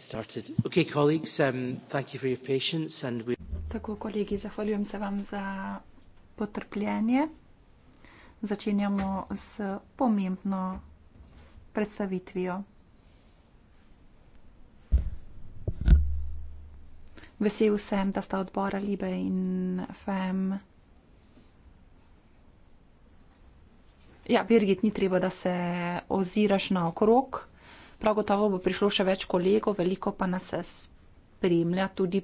started. Okay, colleagues, um, thank you for your patience and we... Tako, kolegi, zahvaljujem se vam za potrpljenje. Začenjamo s pomembno predstavitvijo. Vesel sem, da sta odbora Libe in FM. Ja, Birgit, ni treba, da se oziraš na okrog. Prav gotovo bo prišlo še več kolegov, veliko pa nas spremlja tudi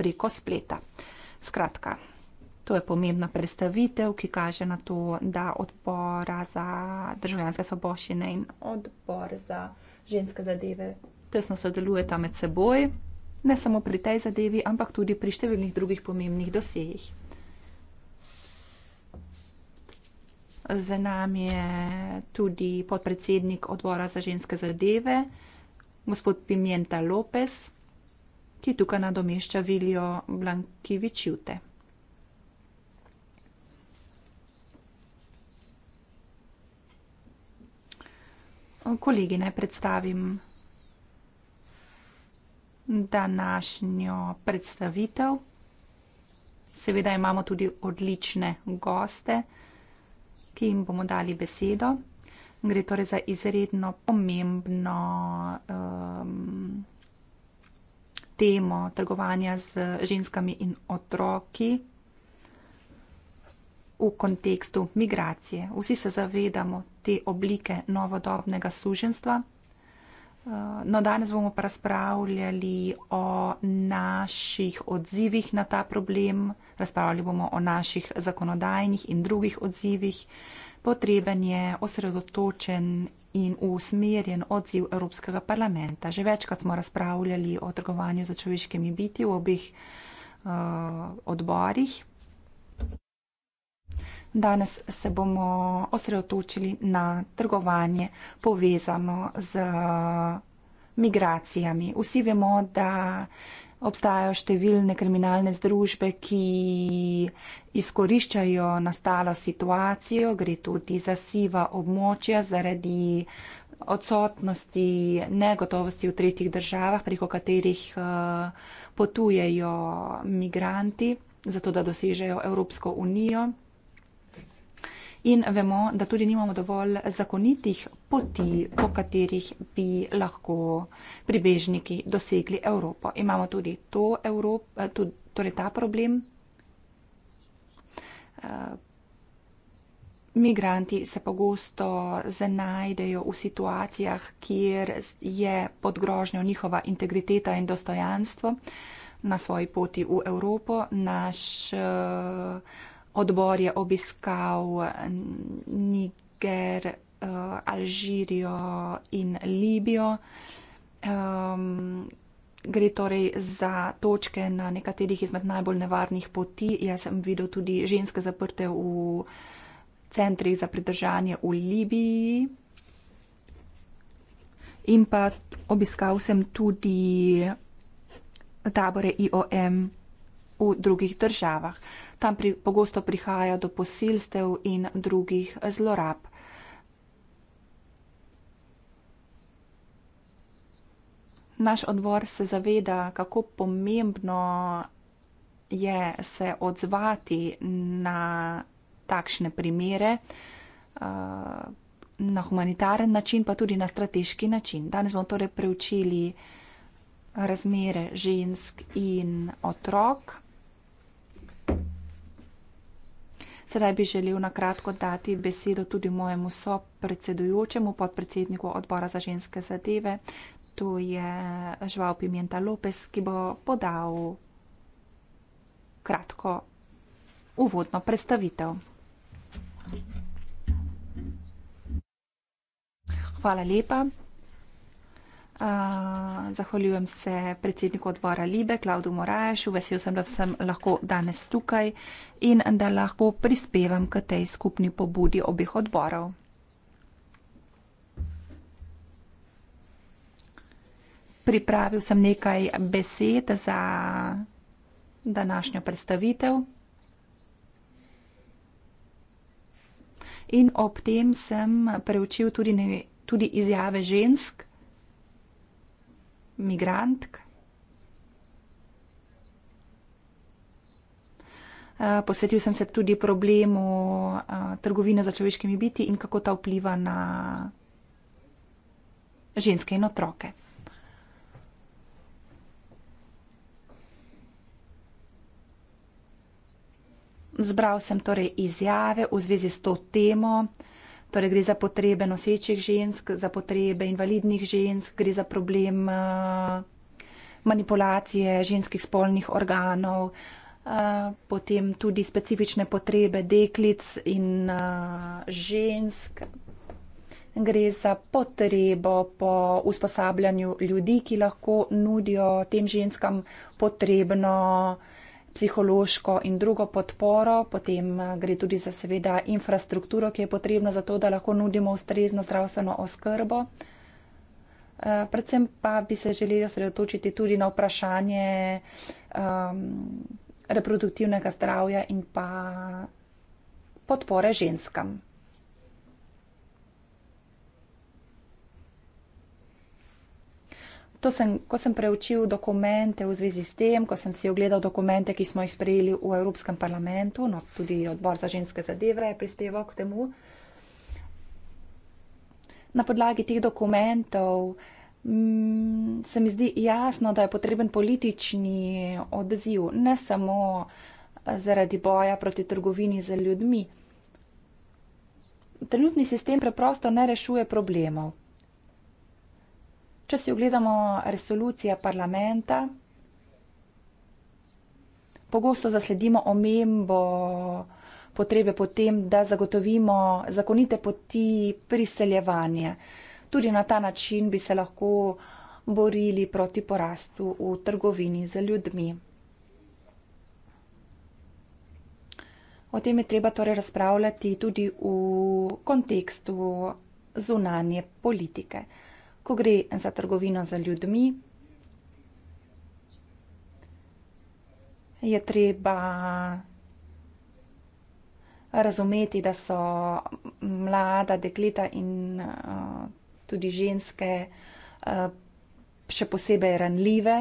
preko spleta. Skratka, to je pomembna predstavitev, ki kaže na to, da odbora za državljanske svobošine in odbor za ženske zadeve tesno sodelujeta med seboj, ne samo pri tej zadevi, ampak tudi pri številnih drugih pomembnih dosejih. Z nami je tudi podpredsednik odbora za ženske zadeve, gospod Pimenta Lopes, ki tukaj nadomešča Viljo Blankivičute. Kolegi naj predstavim današnjo predstavitev. Seveda imamo tudi odlične goste ki jim bomo dali besedo. Gre torej za izredno pomembno um, temo trgovanja z ženskami in otroki v kontekstu migracije. Vsi se zavedamo te oblike novodobnega suženstva, No, danes bomo pa razpravljali o naših odzivih na ta problem, razpravljali bomo o naših zakonodajnih in drugih odzivih. Potreben je osredotočen in usmerjen odziv Evropskega parlamenta. Že večkrat smo razpravljali o trgovanju za človeškimi biti v obih uh, eh, odborih, Danes se bomo osredotočili na trgovanje povezano z migracijami. Vsi vemo, da obstajajo številne kriminalne združbe, ki izkoriščajo nastalo situacijo, gre tudi za siva območja zaradi odsotnosti negotovosti v tretjih državah, preko katerih potujejo migranti, zato da dosežejo Evropsko unijo in vemo, da tudi nimamo dovolj zakonitih poti, po katerih bi lahko pribežniki dosegli Evropo. Imamo tudi to Evrop, eh, tudi, torej ta problem. Eh, migranti se pogosto zanajdejo v situacijah, kjer je pod grožnjo njihova integriteta in dostojanstvo na svoji poti v Evropo. Naš uh, odbor je obiskal eh, Niger, eh, Alžirijo in Libijo. Gre torej za točke na nekaterih izmed najbolj nevarnih poti. Jaz sem videl tudi ženske zaprte v centrih za pridržanje v Libiji. In pa obiskal sem tudi tabore IOM v drugih državah tam pri, pogosto prihaja do posilstev in drugih zlorab. Naš odbor se zaveda, kako pomembno je se odzvati na takšne primere, eh, na humanitaren način, pa tudi na strateški način. Danes bomo torej preučili razmere žensk in otrok. Sedaj bi želel na kratko dati besedo tudi mojemu sopredsedujočemu podpredsedniku odbora za ženske zadeve, to je Žval Pimenta Lopes, ki bo podal kratko uvodno predstavitev. Hvala lepa. Uh, zahvaljujem se predsedniku odbora Libe, Klaudu Morajšu, vesel sem, da sem lahko danes tukaj in da lahko prispevam k tej skupni pobudi obih odborov. Pripravil sem nekaj besed za današnjo predstavitev in ob tem sem preučil tudi, ne, tudi izjave žensk migrantk. Eh, posvetil sem se tudi problemu eh, trgovine za človeškimi biti in kako ta vpliva na ženske in otroke. Zbral sem torej izjave v zvezi s to temo. Torej gre za potrebe nosečih žensk, za potrebe invalidnih žensk, gre za problem eh, manipulacije ženskih spolnih organov, eh, potem tudi specifične potrebe deklic in eh, žensk. Gre za potrebo po usposabljanju ljudi, ki lahko nudijo tem ženskam potrebno psihološko in drugo podporo, potem eh, gre tudi za seveda infrastrukturo, ki je potrebna za to, da lahko nudimo ustrezno zdravstveno oskrbo. Eh, predvsem pa bi se želeli osredotočiti tudi na vprašanje um, reproduktivnega zdravja in pa podpore ženskam. sem, ko sem preučil dokumente v zvezi s tem, ko sem si ogledal dokumente, ki smo jih sprejeli v Evropskem parlamentu, no, tudi odbor za ženske zadeve je prispeval k temu. Na podlagi teh dokumentov mm, se mi zdi jasno, da je potreben politični odziv, ne samo zaradi boja proti trgovini za ljudmi. Trenutni sistem preprosto ne rešuje problemov. Če si ogledamo resolucije parlamenta, pogosto zasledimo omembo potrebe po tem, da zagotovimo zakonite poti priseljevanja. Tudi na ta način bi se lahko borili proti porastu v trgovini z ljudmi. O tem je treba torej razpravljati tudi v kontekstu zunanje politike ko gre za trgovino z ljudmi, je treba razumeti, da so mlada dekleta in eh, tudi ženske eh, še posebej ranljive.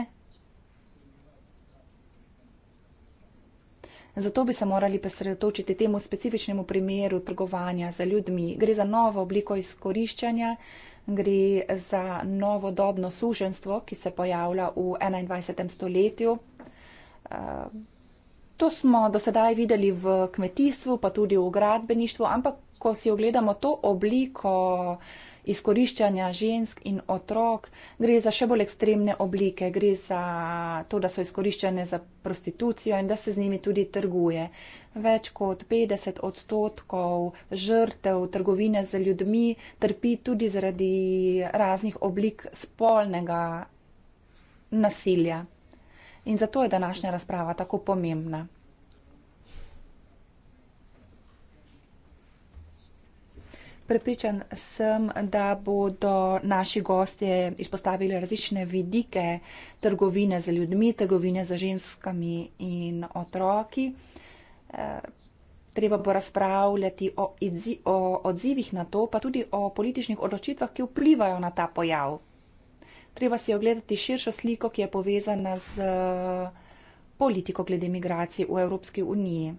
Zato bi se morali posredotočiti temu specifičnemu primeru trgovanja za ljudmi. Gre za novo obliko izkoriščanja, gre za novodobno suženstvo, ki se pojavlja v 21. stoletju. Eh, to smo dosedaj videli v kmetijstvu, pa tudi v gradbeništvu, ampak ko si ogledamo to obliko, izkoriščanja žensk in otrok, gre za še bolj ekstremne oblike, gre za to, da so izkoriščene za prostitucijo in da se z njimi tudi trguje. Več kot 50 odstotkov žrtev trgovine z ljudmi trpi tudi zaradi raznih oblik spolnega nasilja. In zato je današnja razprava tako pomembna. Prepričan sem, da bodo naši gostje izpostavili različne vidike trgovine z ljudmi, trgovine z ženskami in otroki. Eh, treba bo razpravljati o, izzi, o odzivih na to, pa tudi o političnih odločitvah, ki vplivajo na ta pojav. Treba si ogledati širšo sliko, ki je povezana z eh, politiko glede migracij v Evropski uniji.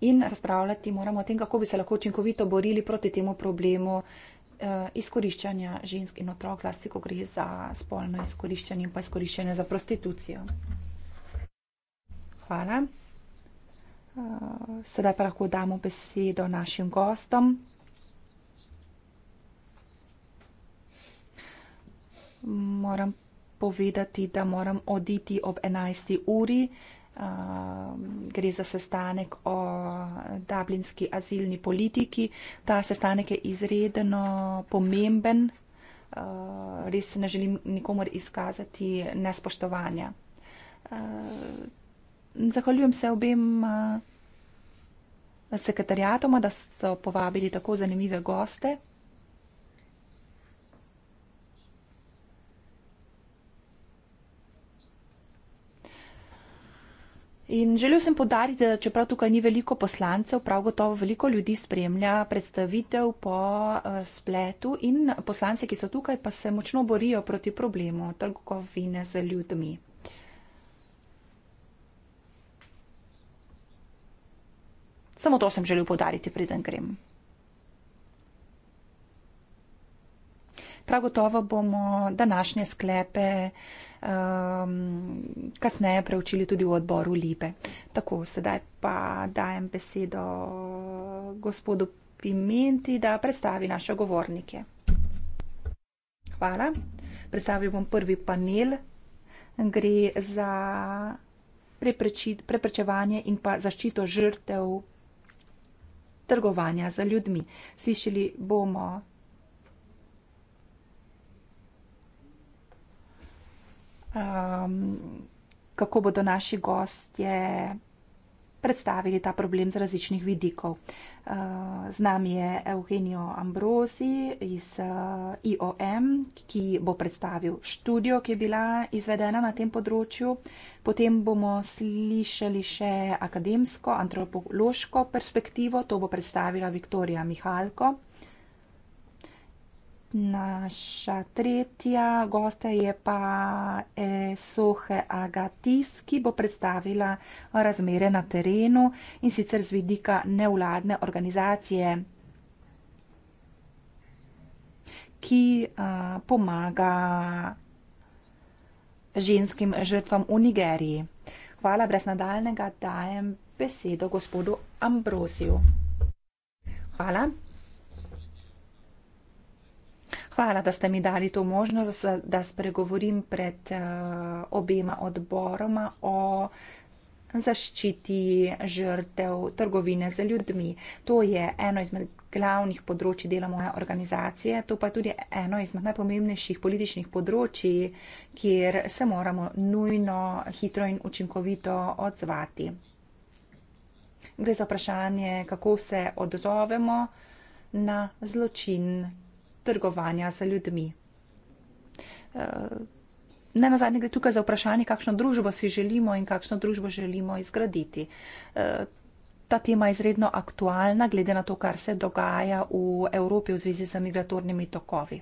in razpravljati moramo o tem, kako bi se lahko učinkovito borili proti temu problemu eh, izkoriščanja žensk in otrok, zlasti ko gre za spolno izkoriščanje in pa izkoriščanje za prostitucijo. Hvala. Eh, sedaj pa lahko damo besedo našim gostom. Moram povedati, da moram oditi ob 11. uri. Um, gre za sestanek o dublinski azilni politiki. Ta sestanek je izredno pomemben. Uh, res ne želim nikomor izkazati nespoštovanja. Uh, zahvaljujem se obem sekretarjatoma, da so povabili tako zanimive goste. In želel sem podariti, da čeprav tukaj ni veliko poslancev, prav gotovo veliko ljudi spremlja predstavitev po eh, spletu in poslance, ki so tukaj, pa se močno borijo proti problemu trgovine z ljudmi. Samo to sem želel podariti, preden grem. Prav gotovo bomo današnje sklepe um, kasneje preučili tudi v odboru Lipe. Tako, sedaj pa dajem besedo gospodu Pimenti, da predstavi naše govornike. Hvala. Predstavil bom prvi panel. Gre za preprečevanje in pa zaščito žrtev trgovanja za ljudmi. Slišali bomo um, kako bodo naši gostje predstavili ta problem z različnih vidikov. Uh, z nami je Eugenijo Ambrosi iz uh, IOM, ki bo predstavil študijo, ki je bila izvedena na tem področju. Potem bomo slišali še akademsko, antropološko perspektivo, to bo predstavila Viktorija Mihalko naša tretja gosta je pa eh, Sohe Agatis, ki bo predstavila razmere na terenu in sicer z vidika nevladne organizacije, ki eh, pomaga ženskim žrtvam v Nigeriji. Hvala, brez nadaljnega dajem besedo gospodu Ambrosiju. Hvala hvala, da ste mi dali to možnost, da spregovorim pred eh, obema odboroma o zaščiti žrtev trgovine za ljudmi. To je eno izmed glavnih področji dela moje organizacije, to pa je tudi eno izmed najpomembnejših političnih področji, kjer se moramo nujno, hitro in učinkovito odzvati. Gre za vprašanje, kako se odzovemo na zločin trgovanja z ljudmi. Eh, ne na zadnje gre tukaj za vprašanje, kakšno družbo si želimo in kakšno družbo želimo izgraditi. Eh, ta tema je izredno aktualna, glede na to, kar se dogaja v Evropi v zvezi z migratornimi tokovi.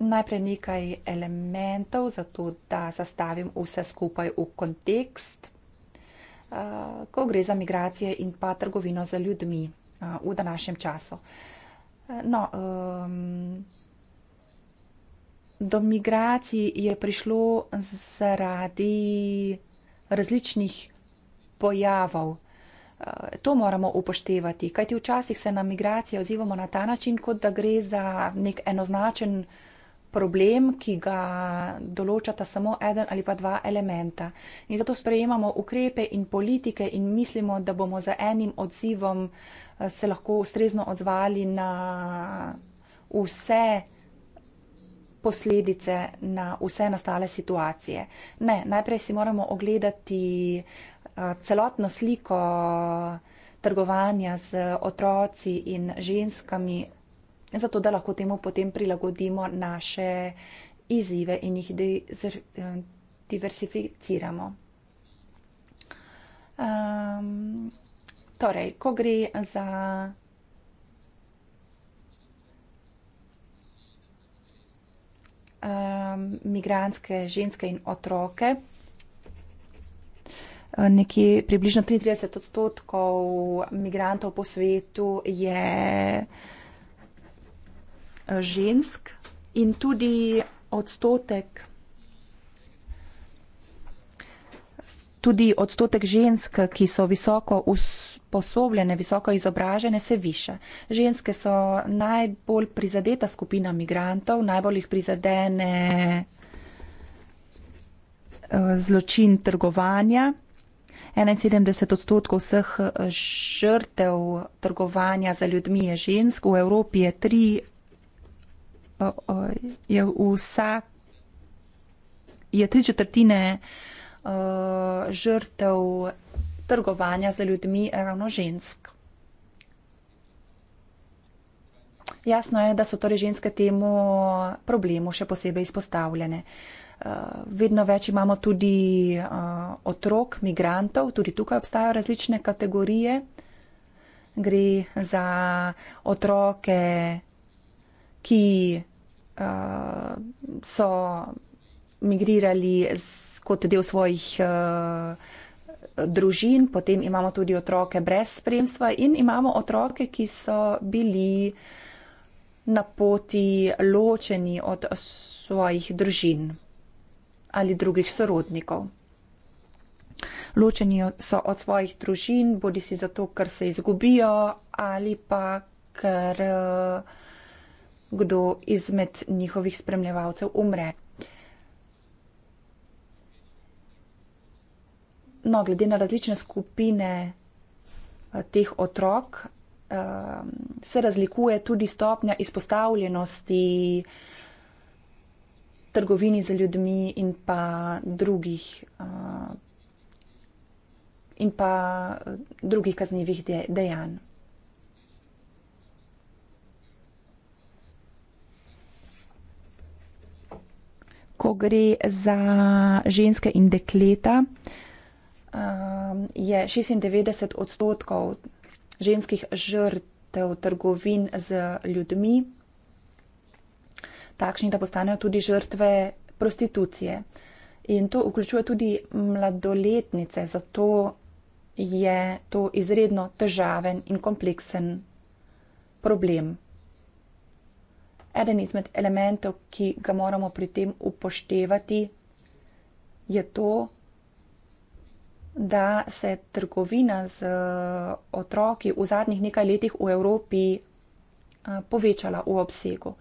Najprej nekaj elementov, zato da zastavim vse skupaj v kontekst, eh, ko gre za migracije in pa trgovino za ljudmi. Eh, v današnjem času. Eh, no, um, do migracij je prišlo zaradi različnih pojavov. Eh, to moramo upoštevati, kajti včasih se na migracije odzivamo na ta način, kot da gre za nek enoznačen problem, ki ga določata samo eden ali pa dva elementa. In zato sprejemamo ukrepe in politike in mislimo, da bomo za enim odzivom uh, Eh, se lahko ustrezno odzvali na vse posledice, na vse nastale situacije. Ne, najprej si moramo ogledati eh, celotno sliko trgovanja z otroci in ženskami, zato da lahko temu potem prilagodimo naše izzive in jih eh, diversificiramo. Um, Torej, ko gre za um, migranske ženske in otroke, eh, nekje približno 33 odstotkov migrantov po svetu je eh, žensk in tudi odstotek. Tudi odstotek žensk, ki so visoko usvojene, usposobljene, visoko izobražene, se više. Ženske so najbolj prizadeta skupina migrantov, najbolj jih prizadene eh, zločin trgovanja. 71 odstotkov vseh eh, žrtev trgovanja za ljudmi je žensk, v Evropi je tri, je vsak, je tri četrtine eh, žrtev trgovanja z ljudmi ravno žensk. Jasno je, da so torej ženske temu problemu še posebej izpostavljene. Eh, vedno več imamo tudi eh, otrok, migrantov, tudi tukaj obstajajo različne kategorije. Gre za otroke, ki eh, so migrirali kot del svojih družin, potem imamo tudi otroke brez spremstva in imamo otroke, ki so bili na poti ločeni od svojih družin ali drugih sorodnikov. Ločeni so od svojih družin, bodi si zato, ker se izgubijo ali pa ker kdo izmed njihovih spremljevalcev umre. no, glede na različne skupine eh, teh otrok, eh, se razlikuje tudi stopnja izpostavljenosti trgovini za ljudmi in pa drugih, eh, in pa drugih kaznjivih dejanj. Ko gre za ženske in dekleta, uh, um, je 96 odstotkov ženskih žrtev trgovin z ljudmi takšni, da postanejo tudi žrtve prostitucije. In to vključuje tudi mladoletnice, zato je to izredno težaven in kompleksen problem. Eden izmed elementov, ki ga moramo pri tem upoštevati, je to, da se trgovina z eh, otroki v zadnjih nekaj letih v Evropi eh, povečala v obsegu.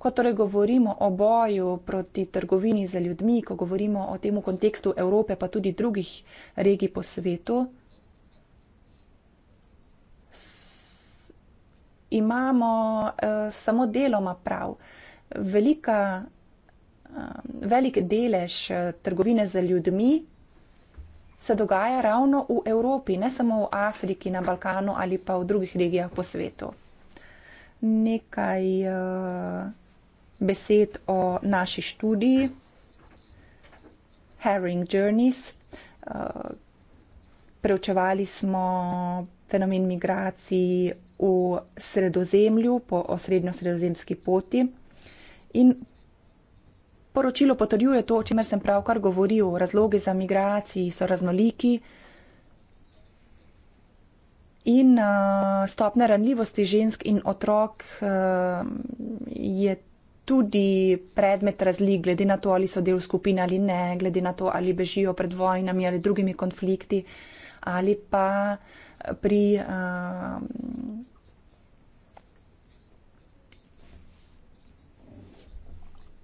Ko torej govorimo o boju proti trgovini z ljudmi, ko govorimo o tem v kontekstu Evrope, pa tudi drugih regij po svetu, imamo eh, samo deloma prav. Velika Um, velik delež eh, trgovine z ljudmi se dogaja ravno v Evropi, ne samo v Afriki, na Balkanu ali pa v drugih regijah po svetu. Nekaj eh, besed o naši študiji Herring Journeys. Eh, preučevali smo fenomen migracij v sredozemlju, po osrednjo sredozemski poti in Poročilo potrjuje to, o čemer sem pravkar govoril, razlogi za migracijo so raznoliki in uh, stopne ranljivosti žensk in otrok uh, je tudi predmet razlik, glede na to, ali so del skupine ali ne, glede na to, ali bežijo pred vojnami ali drugimi konflikti ali pa pri. Uh,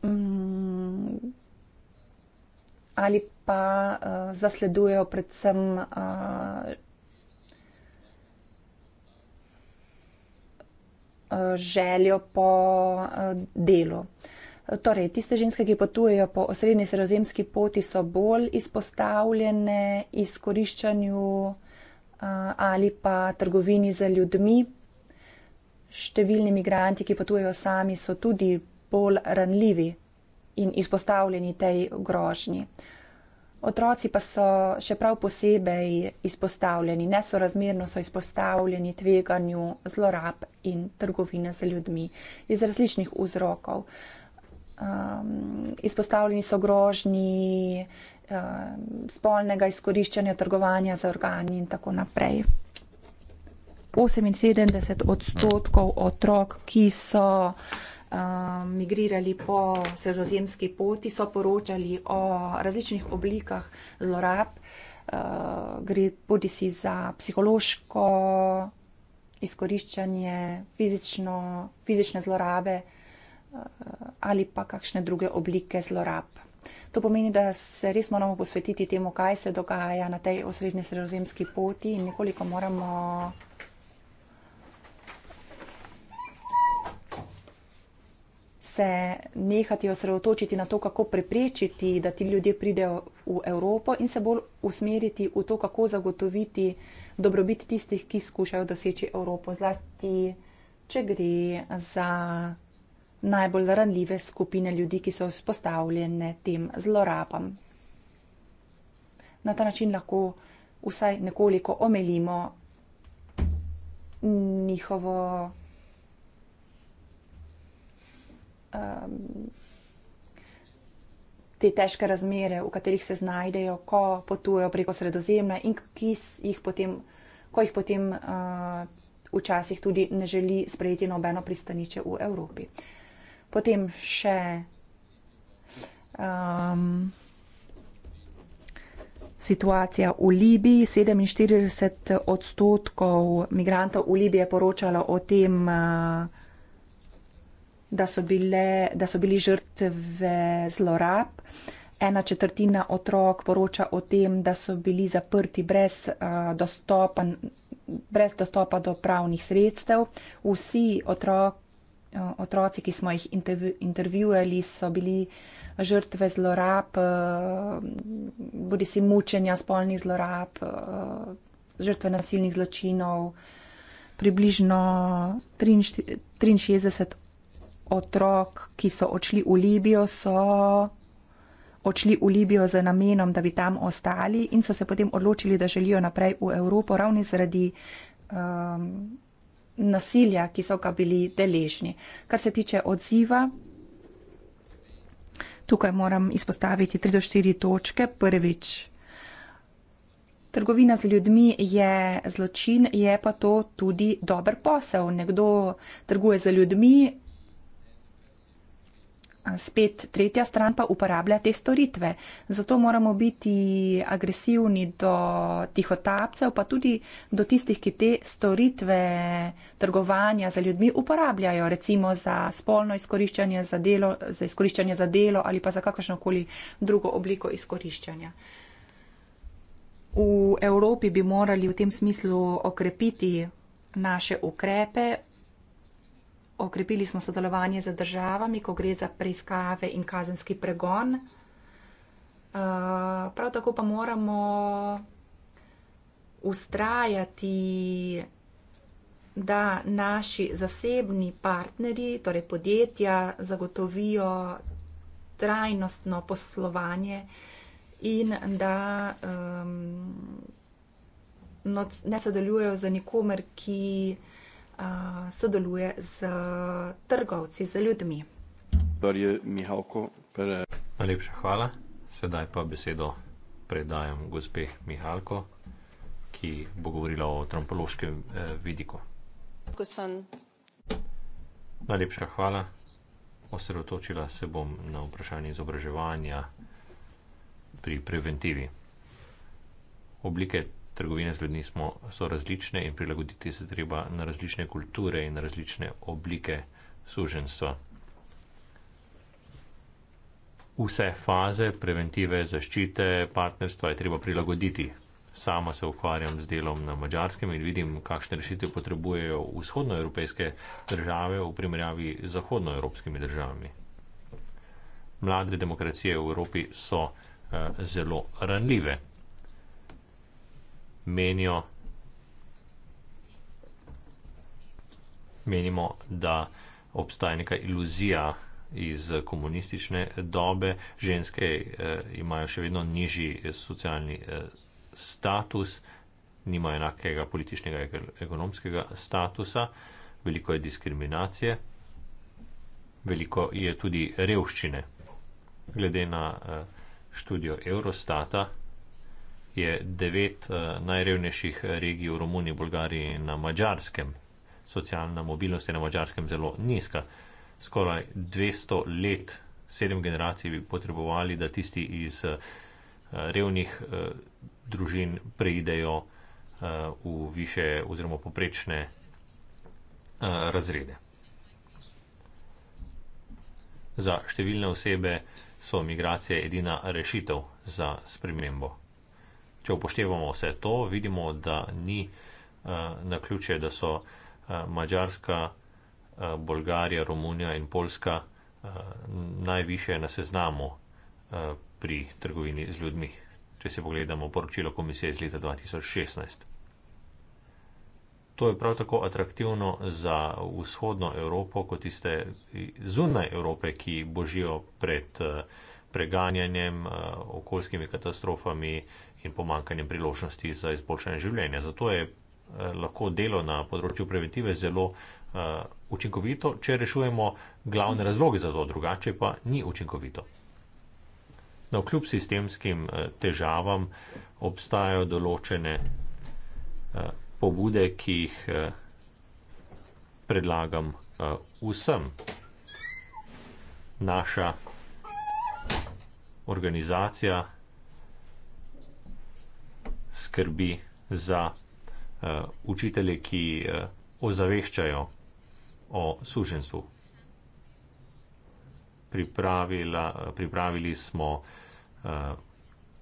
Mm. ali pa uh, zasledujejo predvsem uh, željo po uh, delu. Torej, tiste ženske, ki potujejo po osrednji sredozemski poti, so bolj izpostavljene izkoriščanju uh, ali pa trgovini za ljudmi. Številni migranti, ki potujejo sami, so tudi bolj ranljivi in izpostavljeni tej grožnji. Otroci pa so še prav posebej izpostavljeni, nesorazmerno so izpostavljeni tveganju zlorab in trgovine z ljudmi iz različnih vzrokov. Um, izpostavljeni so grožnji um, spolnega izkoriščanja, trgovanja z organi in tako naprej. 78 odstotkov otrok, ki so. Um, migrirali po sredozemski poti, so poročali o različnih oblikah zlorab, uh, gre bodi si za psihološko izkoriščanje, fizično, fizične zlorabe uh, ali pa kakšne druge oblike zlorab. To pomeni, da se res moramo posvetiti temu, kaj se dogaja na tej osrednji sredozemski poti in nekoliko moramo se nehati osredotočiti na to, kako preprečiti, da ti ljudje pridejo v Evropo in se bolj usmeriti v to, kako zagotoviti dobrobiti tistih, ki skušajo doseči Evropo, zlasti, če gre za najbolj ranljive skupine ljudi, ki so spostavljene tem zlorabam. Na ta način lahko vsaj nekoliko omelimo njihovo um, te težke razmere, v katerih se znajdejo, ko potujejo preko sredozemlja in ki jih potem, ko jih potem uh, včasih tudi ne želi sprejeti nobeno pristanišče v Evropi. Potem še. Um, Situacija v Libiji. 47 odstotkov migrantov v Libiji je poročalo o tem, uh, da so, bile, da so bili žrtve zlorab. Ena četrtina otrok poroča o tem, da so bili zaprti brez, uh, dostopa, brez dostopa do pravnih sredstev. Vsi otrok, uh, otroci, ki smo jih intervju, intervjuvali, so bili žrtve zlorab, uh, bodi si mučenja, spolnih zlorab, uh, žrtve nasilnih zločinov. Približno 63 otrok otrok, ki so odšli v Libijo, so odšli v Libijo z namenom, da bi tam ostali in so se potem odločili, da želijo naprej v Evropo ravni zaradi um, nasilja, ki so ga bili deležni. Kar se tiče odziva, tukaj moram izpostaviti 3 do 4 točke. Prvič, trgovina z ljudmi je zločin, je pa to tudi dober posel. Nekdo trguje z ljudmi, spet tretja stran pa uporablja te storitve. Zato moramo biti agresivni do tihotapcev, pa tudi do tistih, ki te storitve trgovanja za ljudmi uporabljajo, recimo za spolno izkoriščanje, za, delo, za izkoriščanje za delo ali pa za kakršnokoli drugo obliko izkoriščanja. V Evropi bi morali v tem smislu okrepiti naše ukrepe, okrepili smo sodelovanje z državami, ko gre za preiskave in kazenski pregon. Eh, prav tako pa moramo ustrajati, da naši zasebni partnerji, torej podjetja, zagotovijo trajnostno poslovanje in da um, ne sodelujejo za nikomer, ki sodeluje z trgovci, z ljudmi. Najlepša hvala. Sedaj pa besedo predajam gospe Mihalko, ki bo govorila o trampološkem eh, vidiku. Najlepša hvala. Osredotočila se bom na vprašanje izobraževanja pri preventivi. Oblike trgovine z ljudmi smo, so različne in prilagoditi se treba na različne kulture in na različne oblike suženstva. Vse faze preventive, zaščite, partnerstva je treba prilagoditi. Sama se ukvarjam z delom na mačarskem in vidim, kakšne rešitve potrebujejo vzhodnoevropejske države v primerjavi z zahodnoevropskimi državami. Mlade demokracije v Evropi so eh, zelo ranljive menijo, menimo, da obstaja neka iluzija iz komunistične dobe. Ženske eh, imajo še vedno nižji eh, socialni eh, status, nimajo enakega političnega in ekonomskega statusa, veliko je diskriminacije, veliko je tudi revščine. Glede na eh, študijo Eurostata, je devet eh, najrevnejših regij v Romuniji, Bolgariji in na Mačarskem. Socialna mobilnost je na Mačarskem zelo nizka. Skoraj 200 let, sedem generacij bi potrebovali, da tisti iz eh, revnih eh, družin preidejo v više oziroma poprečne razrede. Za številne osebe so migracije edina rešitev za spremembo če upoštevamo vse to, vidimo, da ni uh, eh, na ključe, da so uh, eh, Mačarska, uh, eh, Bolgarija, Romunija in Poljska uh, najviše na seznamu uh, pri trgovini z ljudmi, če se pogledamo poročilo komisije iz leta 2016. To je prav tako atraktivno za vzhodno Evropo, kot tiste zunaj Evrope, ki božijo pred preganjanjem, okoljskimi katastrofami, in pomankanjem priložnosti za izboljšanje življenja. Zato je eh, lahko delo na področju preventive zelo eh, učinkovito, če rešujemo glavne razloge za to, drugače pa ni učinkovito. No, kljub sistemskim eh, težavam obstajajo določene pobude, ki jih predlagam vsem. Naša organizacija skrbi za uh, učitelje, ki uh, ozaveščajo o suženstvu. Pripravila, pripravili smo uh,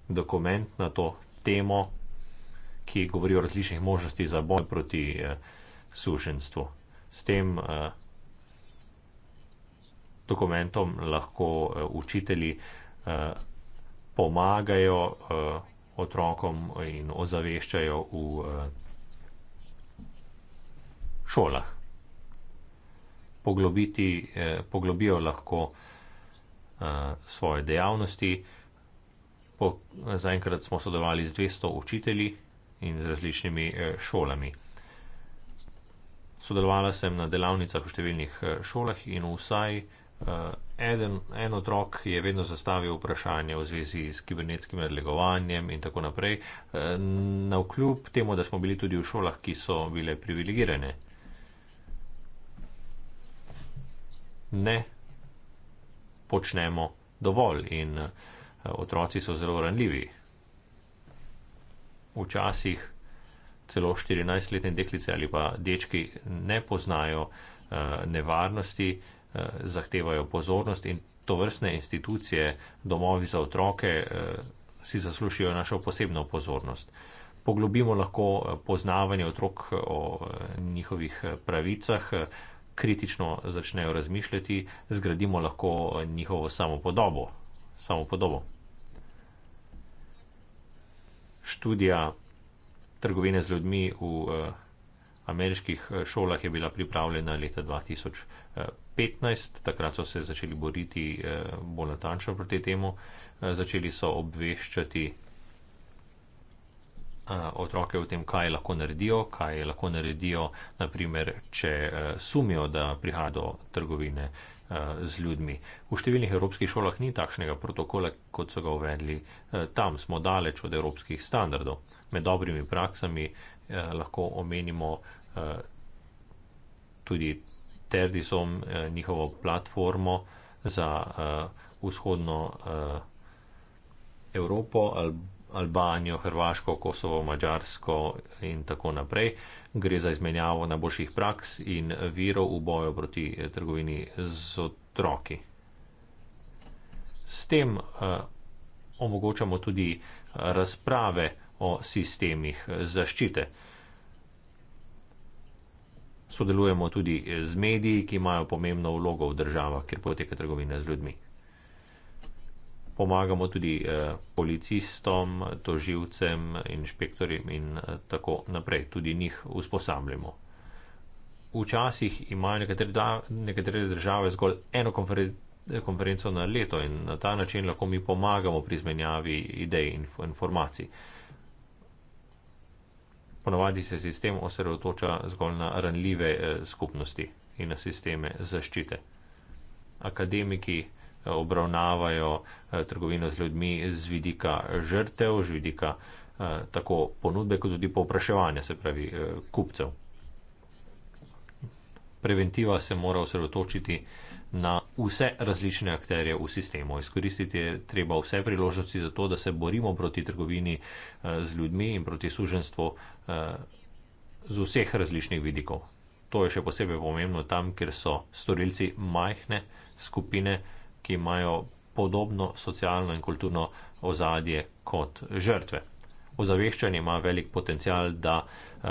dokument na to temo, ki govori o različnih možnostih za boj proti uh, suženstvu. S tem uh, dokumentom lahko uh, učitelji uh, pomagajo uh, otrokom in ozaveščajo v eh, šolah. Poglobiti, eh, poglobijo lahko eh, svoje dejavnosti. Zaenkrat smo sodelovali z 200 učitelji in z različnimi šolami. Sodelovala sem na delavnicah v številnih šolah in vsaj eden, en otrok je vedno zastavil vprašanje v zvezi s kibernetskim nadlegovanjem in tako naprej, eh, na vkljub temu, da smo bili tudi v šolah, ki so bile privilegirane. Ne počnemo dovolj in eh, otroci so zelo ranljivi. Včasih celo 14-letne deklice ali pa dečki ne poznajo eh, nevarnosti, Eh, zahtevajo pozornost in to vrstne institucije, domovi za otroke, eh, si zaslušijo našo posebno pozornost. Poglobimo lahko eh, poznavanje otrok o njihovih pravicah, kritično začnejo razmišljati, zgradimo lahko njihovo samopodobo. samopodobo. Študija trgovine z ljudmi v ameriških šolah je bila pripravljena leta 2005. 15, takrat so se začeli boriti eh, bolj natančno proti temu, eh, začeli so obveščati eh, otroke o tem, kaj lahko naredijo, kaj lahko naredijo, naprimer, če sumijo, da prihaja do trgovine z ljudmi. V številnih evropskih šolah ni takšnega protokola, kot so ga uvedli tam, smo daleč od evropskih standardov. Med dobrimi praksami lahko omenimo tudi Perdisom, eh, njihovo platformo za uh, vzhodno uh, Evropo, Al Albanijo, Hrvaško, Kosovo, Mačarsko in tako naprej. Gre za izmenjavo najboljših praks in virov v boju proti trgovini z otroki. S tem uh, omogočamo tudi razprave o sistemih zaščite. Uh, Sodelujemo tudi eh, z mediji, ki imajo pomembno vlogo v državah, kjer poteka trgovina z ljudmi. Pomagamo tudi eh, policistom, toživcem, inšpektorjem in eh, tako naprej. Tudi njih usposabljamo. Včasih imajo nekatere, da, nekatere države zgolj eno konferenco na leto in na ta način lahko mi pomagamo pri izmenjavi idej in informacij ponavadi se sistem osredotoča zgolj na ranljive eh, skupnosti in na sisteme zaščite. Akademiki eh, obravnavajo eh, trgovino z ljudmi z vidika žrtev, z vidika tako ponudbe, kot tudi popraševanja, se pravi kupcev. Preventiva se mora osredotočiti na na vse različne akterje v sistemu. Izkoristiti je treba vse priložnosti za to, da se borimo proti trgovini eh, z ljudmi in proti suženstvu eh, z vseh različnih vidikov. To je še posebej pomembno tam, kjer so storilci majhne skupine, ki imajo podobno socialno in kulturno ozadje kot žrtve. Ozaveščanje ima velik potencial, da uh,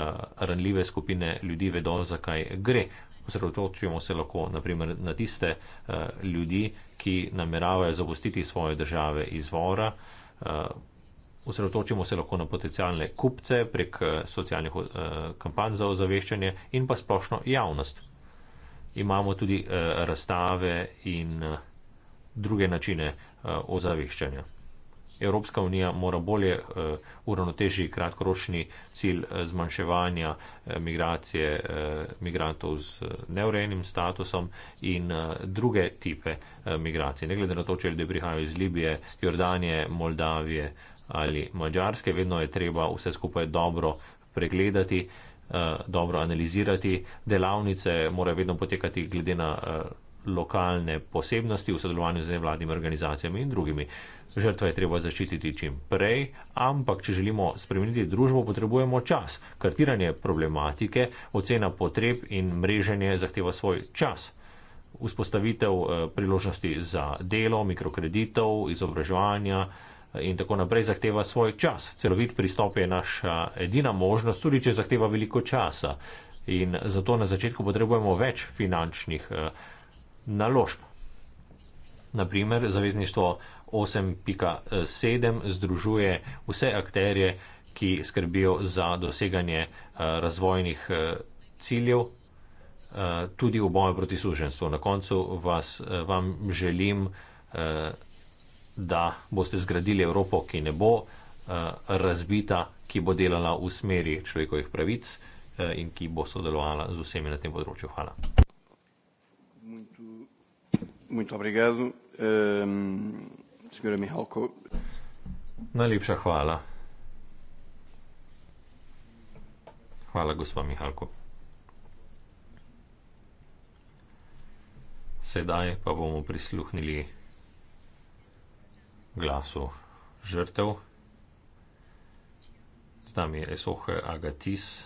ranljive skupine ljudi vedo, zakaj gre osredotočimo se lahko naprimer na tiste uh, ljudi, ki nameravajo zapustiti svoje države izvora. Uh, Osredotočimo se lahko na potencijalne kupce prek eh, socialnih eh, kampanj za ozaveščanje in pa splošno javnost. Imamo tudi eh, razstave in eh, druge načine eh, ozaveščanja. Evropska unija mora bolje eh, uravnoteži kratkoročni cilj eh, zmanjševanja eh, migracije migrantov z neurejenim statusom in druge tipe migracije. Ne glede na to, če ljudje prihajajo iz Libije, Jordanije, Moldavije ali Mačarske, vedno je treba vse skupaj dobro pregledati, dobro analizirati. Delavnice morajo vedno potekati glede na lokalne posebnosti v sodelovanju z nevladnimi organizacijami in drugimi. Žrtve je treba zaščititi čim prej, ampak če želimo spremeniti družbo, potrebujemo čas. Kartiranje problematike, ocena potreb in mreženje zahteva svoj čas. Vzpostavitev eh, priložnosti za delo, mikrokreditov, izobraževanja eh, in tako naprej zahteva svoj čas. Celovit pristop je naša edina možnost, tudi če zahteva veliko časa. In zato na začetku potrebujemo več finančnih. Eh, naložb. Naprimer, zavezništvo 8.7 združuje vse akterje, ki skrbijo za doseganje eh, razvojnih eh, ciljev, eh, tudi v boju proti suženstvu. Na koncu vas, vam želim, da boste zgradili Evropo, ki ne bo razbita, ki bo delala v smeri človekovih pravic in ki bo sodelovala z vsemi na tem področju. Hvala. Muito obrigado. Um, senhora Mihalko. Najlepša hvala. Hvala, gospod Mihalko. Sedaj pa bomo prisluhnili glasu žrtev. Z nami je Soho Agatis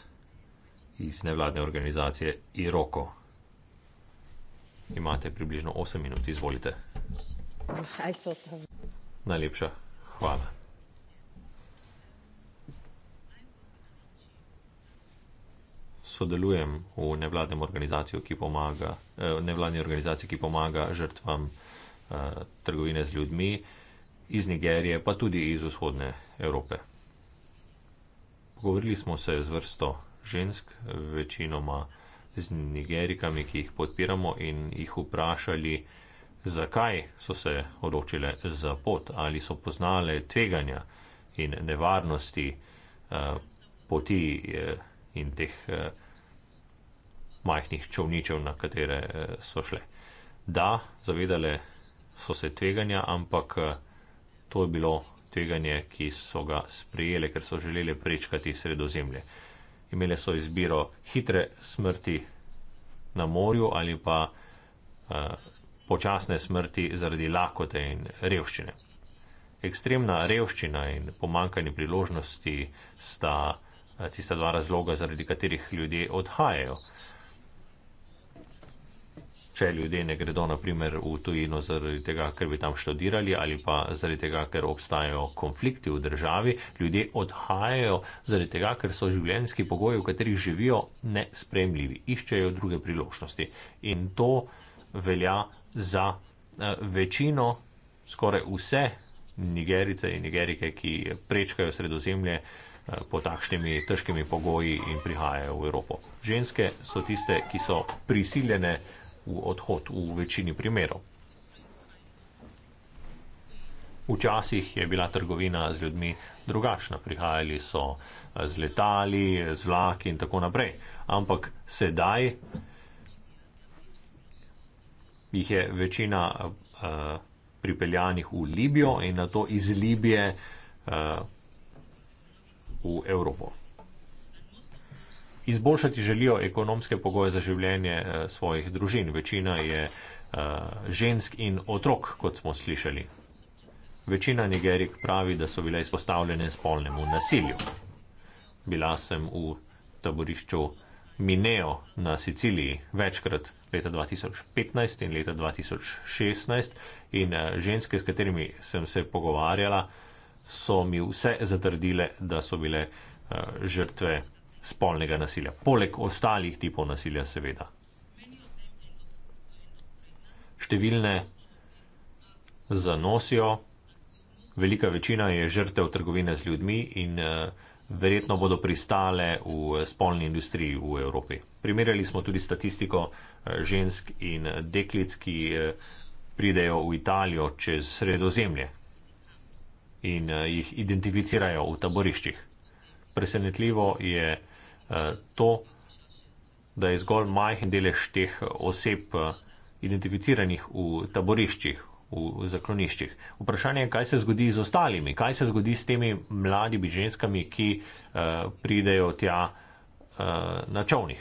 iz nevladne organizacije Iroko. Imate približno 8 minut, izvolite. Najlepša hvala. Sodelujem v nevladnem organizaciji, ki pomaga, eh, nevladni organizaciji, ki pomaga žrtvam eh, trgovine z ljudmi iz Nigerije, pa tudi iz vzhodne Evrope. Pogovorili smo se z vrsto žensk, večinoma z nigerikami, ki jih podpiramo in jih vprašali, zakaj so se odločile za pot, ali so poznale tveganja in nevarnosti eh, poti eh, in teh eh, majhnih čovničev, na katere eh, so šle. Da, zavedale so se tveganja, ampak eh, to je bilo tveganje, ki so ga sprejele, ker so želeli prečkati sredozemlje imele so izbiro hitre smrti na morju ali pa uh, počasne smrti zaradi lakote in revščine. Ekstremna revščina in pomankanje priložnosti sta uh, tista dva razloga, zaradi katerih ljudje odhajajo. Uh, če ljudje ne gredo naprimer v tujino zaradi tega, ker bi tam študirali ali pa zaradi tega, ker obstajajo konflikti v državi, ljudje odhajajo zaradi tega, ker so življenjski pogoji, v katerih živijo, nespremljivi, iščejo druge priložnosti. In to velja za eh, večino, skoraj vse Nigerice in Nigerike, ki prečkajo sredozemlje eh, po takšnimi težkimi pogoji in prihajajo v Evropo. Ženske so tiste, ki so prisiljene v odhod v večini primerov. Včasih je bila trgovina z ljudmi drugačna, prihajali so z letali, z vlaki in tako naprej, ampak sedaj jih je večina uh, pripeljanih v Libijo in na to iz Libije uh, v Evropo izboljšati želijo ekonomske pogoje za življenje eh, svojih družin. Večina je eh, žensk in otrok, kot smo slišali. Večina Nigerik pravi, da so bile izpostavljene spolnemu nasilju. Bila sem v taborišču Mineo na Siciliji večkrat leta 2015 in leta 2016 in eh, ženske, s katerimi sem se pogovarjala, so mi vse zatrdile, da so bile žrtve spolnega nasilja, poleg ostalih tipov nasilja, seveda. Številne zanosijo, velika večina je žrtev trgovine z ljudmi in eh, verjetno bodo pristale v eh, spolni industriji v Evropi. Primerjali smo tudi statistiko eh, žensk in deklic, ki pridejo v Italijo čez sredozemlje in jih identificirajo v taboriščih. Presenetljivo je, da Eh, to, da je zgolj majhen delež teh oseb eh, identificiranih v taboriščih, v zakloniščih. Vprašanje je, kaj se zgodi z ostalimi, kaj se zgodi s temi mladimi ženskami, ki eh, pridejo tja na čovnih.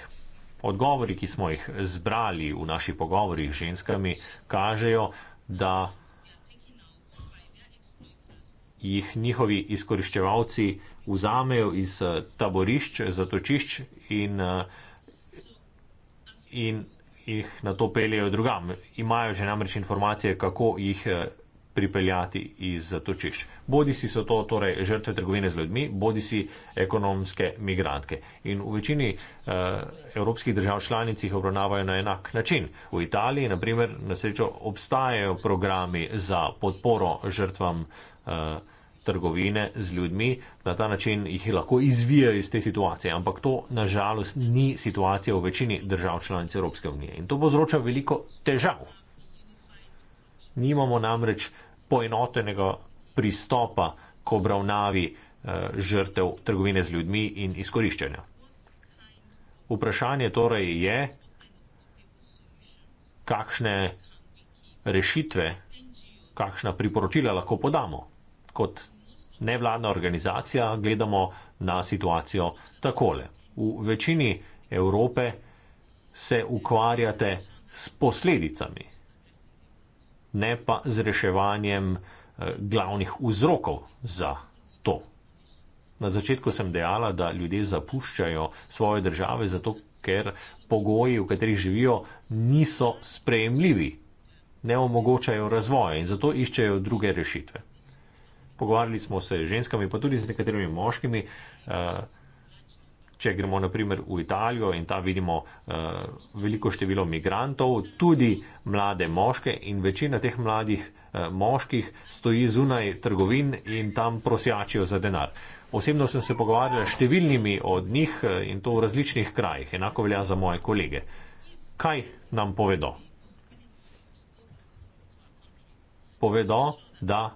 Odgovori, ki smo jih zbrali v naših pogovorih z ženskami, kažejo, da jih njihovi izkoriščevalci vzamejo iz eh, taborišč, zatočišč in, eh, in jih na to peljejo drugam. Imajo že namreč informacije, kako jih eh, pripeljati iz zatočišč. Bodi si so to torej žrtve trgovine z ljudmi, bodi si ekonomske migrantke. In v večini eh, evropskih držav članic jih obravnavajo na enak način. V Italiji, na primer, na srečo obstajajo programi za podporo žrtvam eh, trgovine z ljudmi, na ta način jih lahko izvijajo iz te situacije. Ampak to, nažalost, ni situacija v večini držav članic Evropske unije. In to povzroča veliko težav. Nimamo namreč poenotenega pristopa k obravnavi eh, žrtev trgovine z ljudmi in izkoriščanja. Vprašanje torej je, kakšne rešitve, kakšna priporočila lahko podamo kot nevladna organizacija, gledamo na situacijo takole. V večini Evrope se ukvarjate s posledicami, ne pa z reševanjem eh, glavnih vzrokov za to. Na začetku sem dejala, da ljudje zapuščajo svoje države zato, ker pogoji, v katerih živijo, niso sprejemljivi, ne omogočajo razvoja in zato iščejo druge rešitve pogovarjali smo se z ženskami, pa tudi z nekaterimi moškimi. Eh, če gremo naprimer v Italijo in tam vidimo eh, veliko število migrantov, tudi mlade moške in večina teh mladih eh, moških stoji zunaj trgovin in tam prosjačijo za denar. Osebno sem se pogovarjal s številnimi od njih in to v različnih krajih, enako velja za moje kolege. Kaj nam povedo? Povedo, da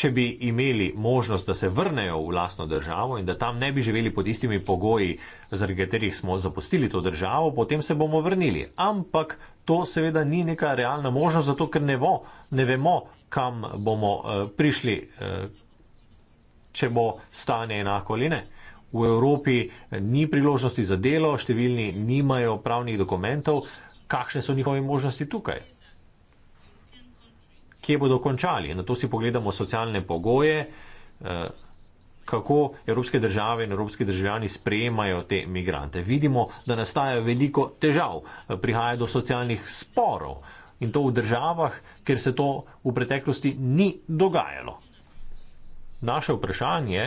če bi imeli možnost, da se vrnejo v lastno državo in da tam ne bi živeli pod istimi pogoji, zaradi katerih smo zapustili to državo, potem se bomo vrnili. Ampak to seveda ni neka realna možnost, zato ker ne, bo, ne vemo, kam bomo uh, prišli, uh, če bo stanje enako ali ne. V Evropi eh, ni priložnosti za delo, številni nimajo pravnih dokumentov, kakšne so njihove možnosti tukaj kje bodo končali. Na to si pogledamo socialne pogoje, eh, kako evropske države in evropski državljani sprejemajo te migrante. Vidimo, da nastaja veliko težav, eh, prihaja do socialnih sporov in to v državah, ker se to v preteklosti ni dogajalo. Naše vprašanje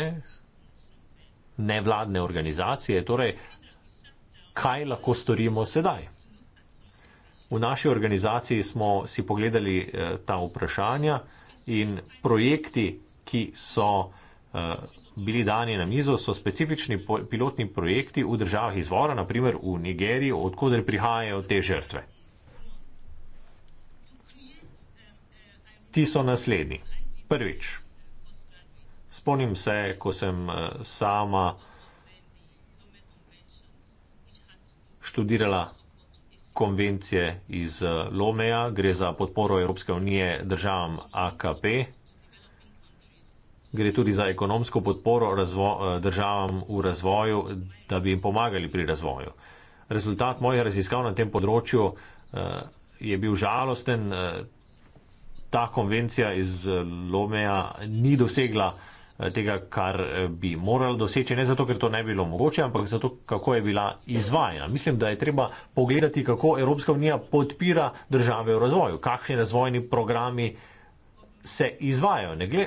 nevladne organizacije je torej, kaj lahko storimo sedaj. V naši organizaciji smo si pogledali eh, ta vprašanja in projekti, ki so eh, bili dani na mizo, so specifični pilotni projekti v državah izvora, naprimer v Nigeriji, odkuder prihajajo te žrtve. Ti so naslednji. Prvič. Spomnim se, ko sem eh, sama študirala konvencije iz eh, Lomeja, gre za podporo Evropske unije državam AKP, gre tudi za ekonomsko podporo eh, državam v razvoju, da bi jim pomagali pri razvoju. Rezultat mojih raziskav na tem področju eh, je bil žalosten. Ta konvencija iz Lomeja ni dosegla Eh, tega, kar eh, bi morali doseči, ne zato, ker to ne bi bilo mogoče, ampak zato, kako je bila izvajena. Mislim, da je treba pogledati, kako Evropska unija podpira države v razvoju, kakšni razvojni programi se izvajajo. Ne gre,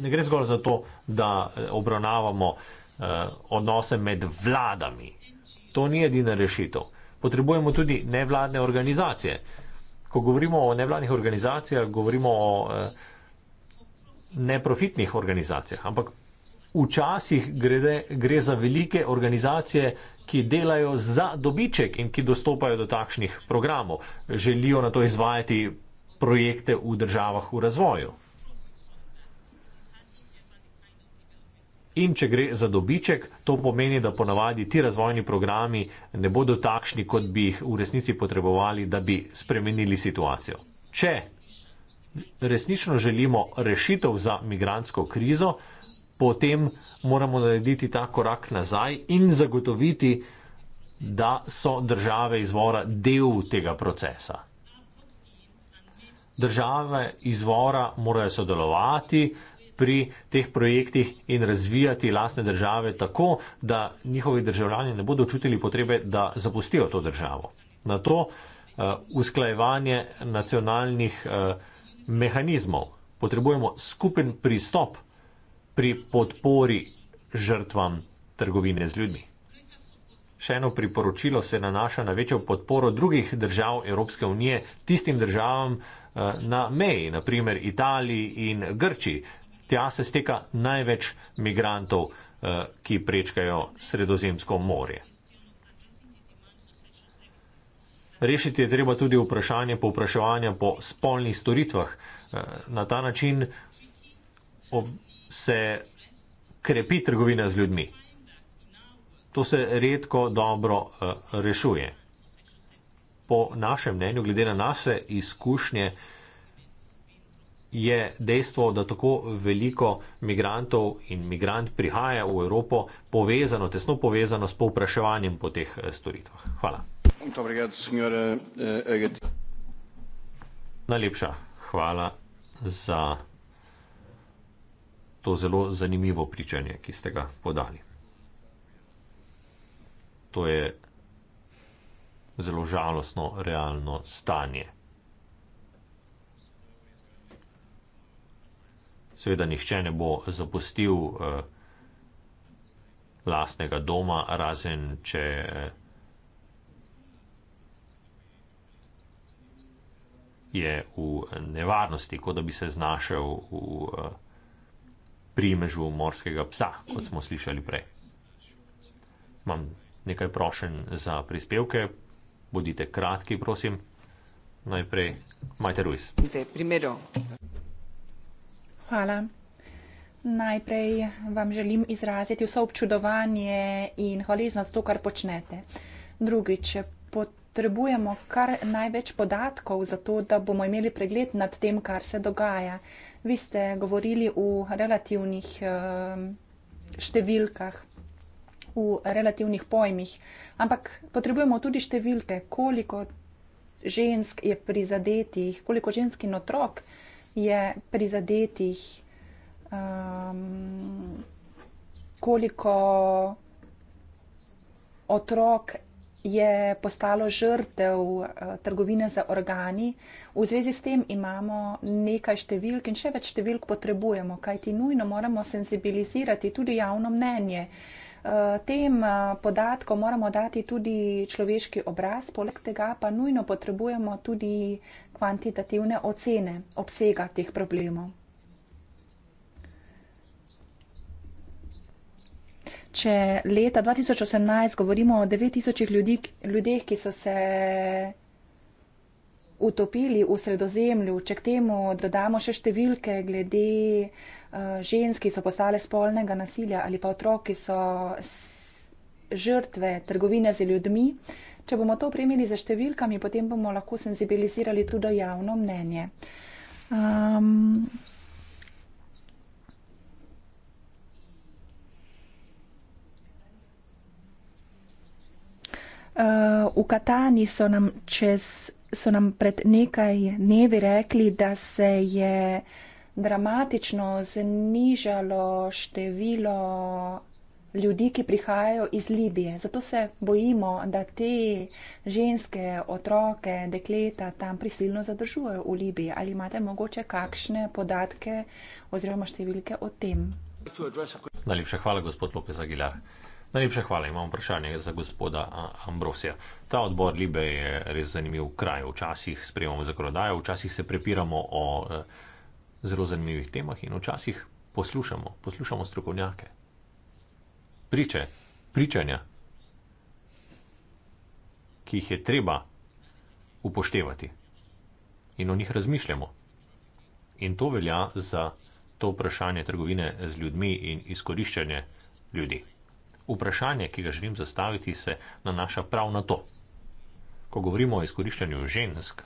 ne gre zgolj za to, da eh, obravnavamo eh, odnose med vladami. To ni edina rešitev. Potrebujemo tudi nevladne organizacije. Ko govorimo o nevladnih organizacijah, govorimo o eh, neprofitnih organizacijah, ampak včasih grede, gre za velike organizacije, ki delajo za dobiček in ki dostopajo do takšnih programov, želijo na to izvajati projekte v državah v razvoju. In če gre za dobiček, to pomeni, da ponavadi ti razvojni programi ne bodo takšni, kot bi jih v resnici potrebovali, da bi spremenili situacijo. Če resnično želimo rešitev za migransko krizo, potem moramo narediti ta korak nazaj in zagotoviti, da so države izvora del tega procesa. Države izvora morajo sodelovati pri teh projektih in razvijati lastne države tako, da njihovi državljani ne bodo čutili potrebe, da zapustijo to državo. Na to uh, usklajevanje nacionalnih uh, mehanizmov, potrebujemo skupen pristop pri podpori žrtvam trgovine z ljudmi. Še eno priporočilo se nanaša na večjo podporo drugih držav Evropske unije tistim državam eh, na meji, naprimer Italiji in Grčiji. Tja se steka največ migrantov, eh, ki prečkajo Sredozemsko morje. Rešiti je treba tudi vprašanje po vpraševanju po spolnih storitvah. Eh, na ta način se krepi trgovina z ljudmi. To se redko dobro eh, rešuje. Po našem mnenju, glede na naše izkušnje, je dejstvo, da tako veliko migrantov in migrant prihaja v Evropo povezano, tesno povezano s povpraševanjem po teh eh, storitvah. Hvala. Muito obrigado, senhora uh, Agatha. Najlepša hvala za to zelo zanimivo pričanje, ki ste ga podali. To je zelo žalostno, realno stanje. Seveda, nihče ne bo zapustil uh, lastnega doma, razen če. Uh, je v nevarnosti, kot da bi se znašel v eh, primežu morskega psa, kot smo slišali prej. Imam nekaj prošen za prispevke, bodite kratki, prosim. Najprej, majte Ruiz. Hvala. Najprej vam želim izraziti vso občudovanje in hvaležnost za to, kar počnete. Drugič, po potrebujemo kar največ podatkov, zato da bomo imeli pregled nad tem, kar se dogaja. Vi ste govorili o relativnih eh, številkah, v relativnih pojmih, ampak potrebujemo tudi številke, koliko žensk je prizadetih, koliko žensk in otrok je prizadetih, ehm, koliko otrok je prizadetih je postalo žrtev eh, trgovine za organi. V zvezi s tem imamo nekaj številk in še več številk potrebujemo, kajti nujno moramo senzibilizirati tudi javno mnenje. Eh, tem eh, podatkom moramo dati tudi človeški obraz, poleg tega pa nujno potrebujemo tudi kvantitativne ocene obsega teh problemov. če leta 2018 govorimo o 9000 ljudeh, ki so se utopili v sredozemlju, če k temu dodamo še številke glede eh, žensk, ki so postale spolnega nasilja ali pa otrok, ki so žrtve trgovine z ljudmi, če bomo to primili za številkami, potem bomo lahko senzibilizirali tudi javno mnenje. Um, Uh, v Katani so nam, čez, so nam pred nekaj dnevi rekli, da se je dramatično znižalo število ljudi, ki prihajajo iz Libije. Zato se bojimo, da te ženske, otroke, dekleta tam prisilno zadržujejo v Libiji. Ali imate mogoče kakšne podatke oziroma številke o tem? Najlepša hvala, gospod Lopez Aguilar. Najlepša hvala. Imam vprašanje za gospoda Ambrosija. Ta odbor Libe je res zanimiv kraj. Včasih sprejemamo zakonodajo, včasih se prepiramo o e, zelo zanimivih temah in včasih poslušamo, poslušamo strokovnjake. Priče, pričanja, ki jih je treba upoštevati in o njih razmišljamo. In to velja za to vprašanje trgovine z ljudmi in izkoriščanje ljudi. Vprašanje, ki ga želim zastaviti, se nanaša prav na to. Ko govorimo o izkoriščanju žensk,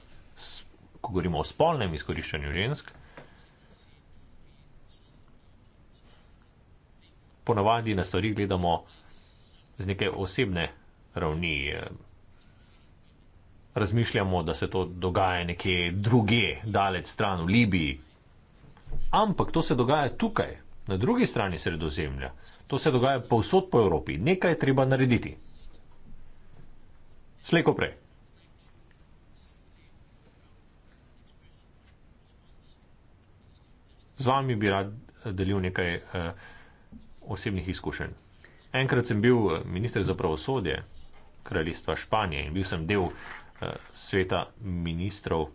ko govorimo o spolnem izkoriščanju žensk, ponavadi na stvari gledamo z neke osebne ravni. Eh, razmišljamo, da se to dogaja nekje druge, daleč stran v Libiji. Ampak to se dogaja tukaj, na drugi strani sredozemlja. To se dogaja povsod po Evropi. Nekaj je treba narediti. Sleko prej. Z vami bi rad eh, delil nekaj eh, osebnih izkušenj. Enkrat sem bil eh, minister za pravosodje kraljestva Španije in bil sem del eh, sveta ministrov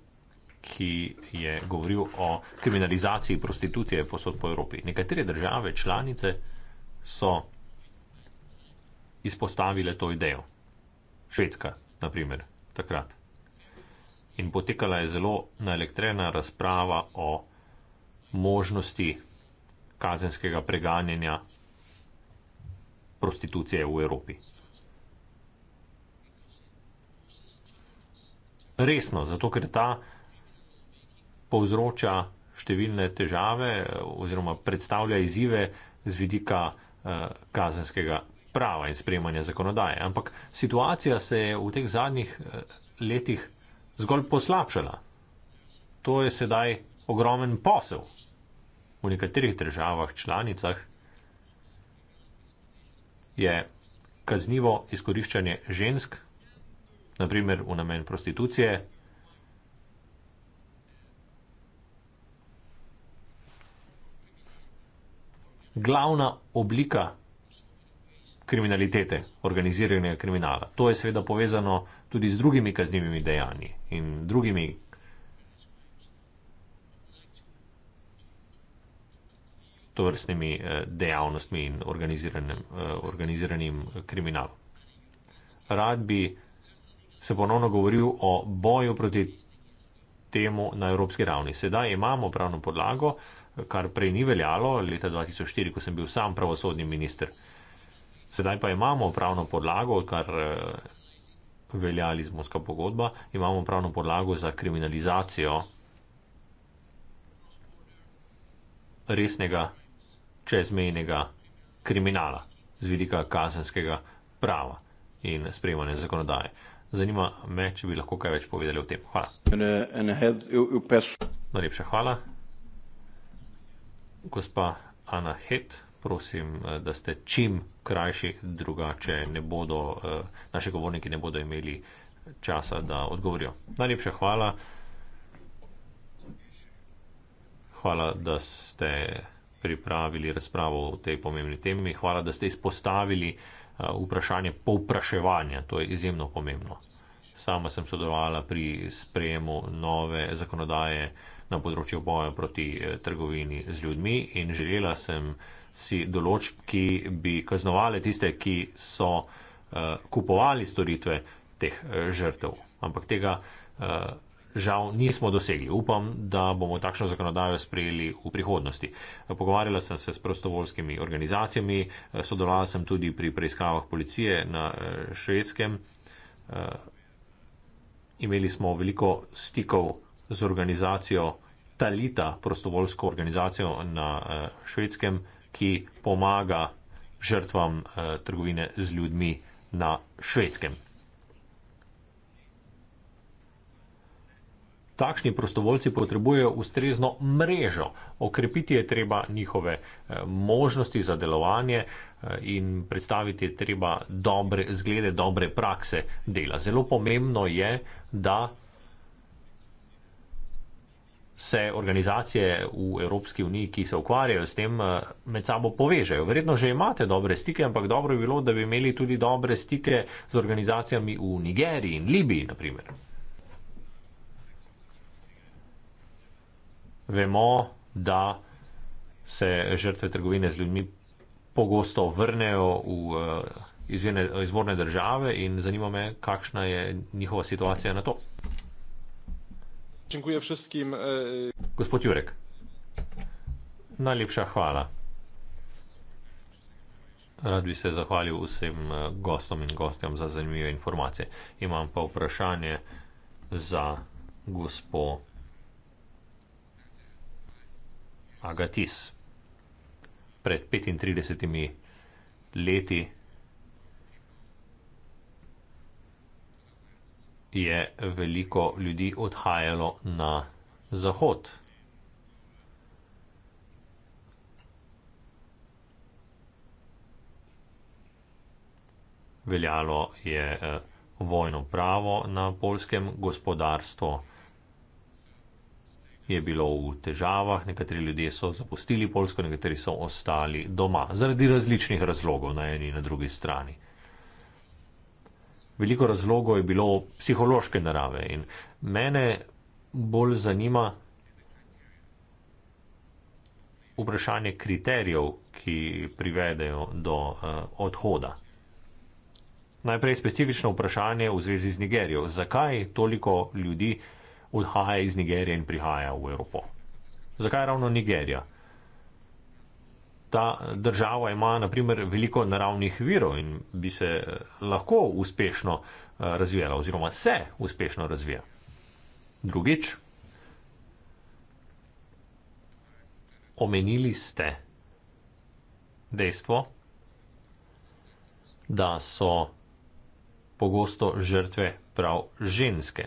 ki je govoril o kriminalizaciji prostitucije posod po Evropi. Nekatere države, članice so izpostavile to idejo. Švedska, naprimer, takrat. In potekala je zelo naelektrena razprava o možnosti kazenskega preganjanja prostitucije v Evropi. Resno, zato ker ta povzroča številne težave oziroma predstavlja izzive z vidika eh, kazenskega prava in sprejemanja zakonodaje. Ampak situacija se je v teh zadnjih eh, letih zgolj poslabšala. To je sedaj ogromen posel v nekaterih državah, članicah. Je kaznivo izkoriščanje žensk, naprimer v namen prostitucije, glavna oblika kriminalitete, organiziranega kriminala. To je seveda povezano tudi z drugimi kaznjivimi dejanji in drugimi tovrstnimi eh, dejavnostmi in organiziranim, eh, organiziranim kriminalom. Rad bi se ponovno govoril o boju proti temu na evropski ravni. Sedaj imamo pravno podlago, kar prej ni veljalo, leta 2004, ko sem bil sam pravosodni minister. Sedaj pa imamo pravno podlago, kar eh, velja Lizbonska pogodba, imamo pravno podlago za kriminalizacijo resnega čezmejnega kriminala z vidika kazenskega prava in sprejemanja zakonodaje. Zanima me, če bi lahko kaj več povedali o tem. Hvala. Uh, Najlepša hvala gospa Ana Het, prosim, eh, da ste čim krajši, drugače ne bodo, eh, naši govorniki ne bodo imeli časa, da odgovorijo. Najlepša hvala. Hvala, da ste pripravili razpravo o tej pomembni temi. Hvala, da ste izpostavili eh, vprašanje povpraševanja. To je izjemno pomembno. Sama sem sodelovala pri sprejemu nove zakonodaje na področju boja proti eh, trgovini z ljudmi in želela sem si določb, ki bi kaznovali tiste, ki so eh, kupovali storitve teh eh, žrtev. Ampak tega žal nismo dosegli. Upam, da bomo takšno zakonodajo sprejeli v prihodnosti. Pogovarjala sem se s prostovoljskimi organizacijami, sodelovala sem tudi pri preiskavah policije na švedskem. Imeli smo veliko stikov z organizacijo Talita, prostovoljsko organizacijo na eh, švedskem, ki pomaga žrtvam eh, trgovine z ljudmi na švedskem. Takšni prostovoljci potrebujejo ustrezno mrežo. Okrepiti je treba njihove eh, možnosti za delovanje in predstaviti je treba dobre zglede, dobre prakse dela. Zelo pomembno je, da se organizacije v Evropski uniji, ki se ukvarjajo s tem, eh, med sabo povežejo. Verjetno že imate dobre stike, ampak dobro bi bilo, da bi imeli tudi dobre stike z organizacijami v Nigeriji in Libiji, naprimer. Vemo, da se žrtve trgovine z ljudmi pogosto vrnejo v eh, izvorne države in zanima me, kakšna je njihova situacija na to. Dziękuję wszystkim. E, Gospod Jurek. Najlepša hvala. Rad bi se zahvalil vsem e, gostom in gostjam za zanimive informacije. Imam pa vprašanje za gospo Agatis. Pred 35 leti je veliko ljudi odhajalo na zahod. Veljalo je eh, vojno pravo na polskem gospodarstvu, je bilo v težavah, nekateri ljudje so zapustili Polsko, nekateri so ostali doma zaradi različnih razlogov na eni in na drugi strani. Veliko razlogov je bilo psihološke narave in mene bolj zanima vprašanje kriterijev, ki privedejo do uh, odhoda. Najprej specifično vprašanje v zvezi z Nigerijo. Zakaj toliko ljudi odhaja iz Nigerije in prihaja v Evropo? Zakaj ravno Nigerija? ta država ima naprimer veliko naravnih virov in bi se eh, lahko uspešno eh, razvijala oziroma se uspešno razvija. Drugič, omenili ste dejstvo, da so pogosto žrtve prav ženske.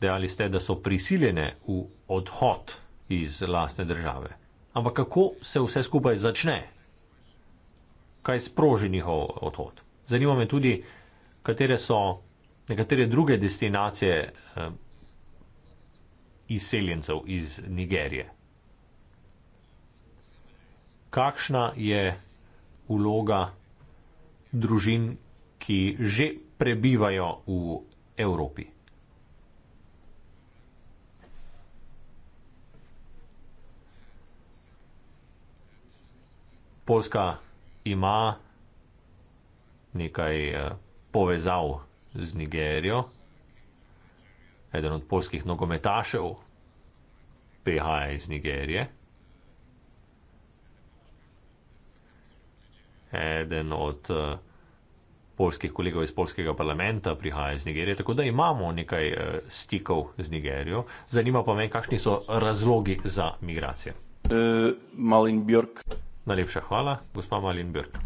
Dejali ste, da so prisiljene v odhod iz lastne države. Ampak kako se vse skupaj začne? Kaj sproži njihov odhod? Zanima me tudi, katere so nekatere druge destinacije eh, izseljencev iz Nigerije. Kakšna je uloga družin, ki že prebivajo v Evropi? Poljska ima nekaj eh, povezav z Nigerijo. Eden od polskih nogometašev prihaja iz Nigerije. Eden od eh, polskih kolegov iz polskega parlamenta prihaja iz Nigerije, tako da imamo nekaj eh, stikov z Nigerijo. Zanima pa me, kakšni so razlogi za migracije. Uh, Malin Björk. Najlepša hvala. Gospa Malin Björk.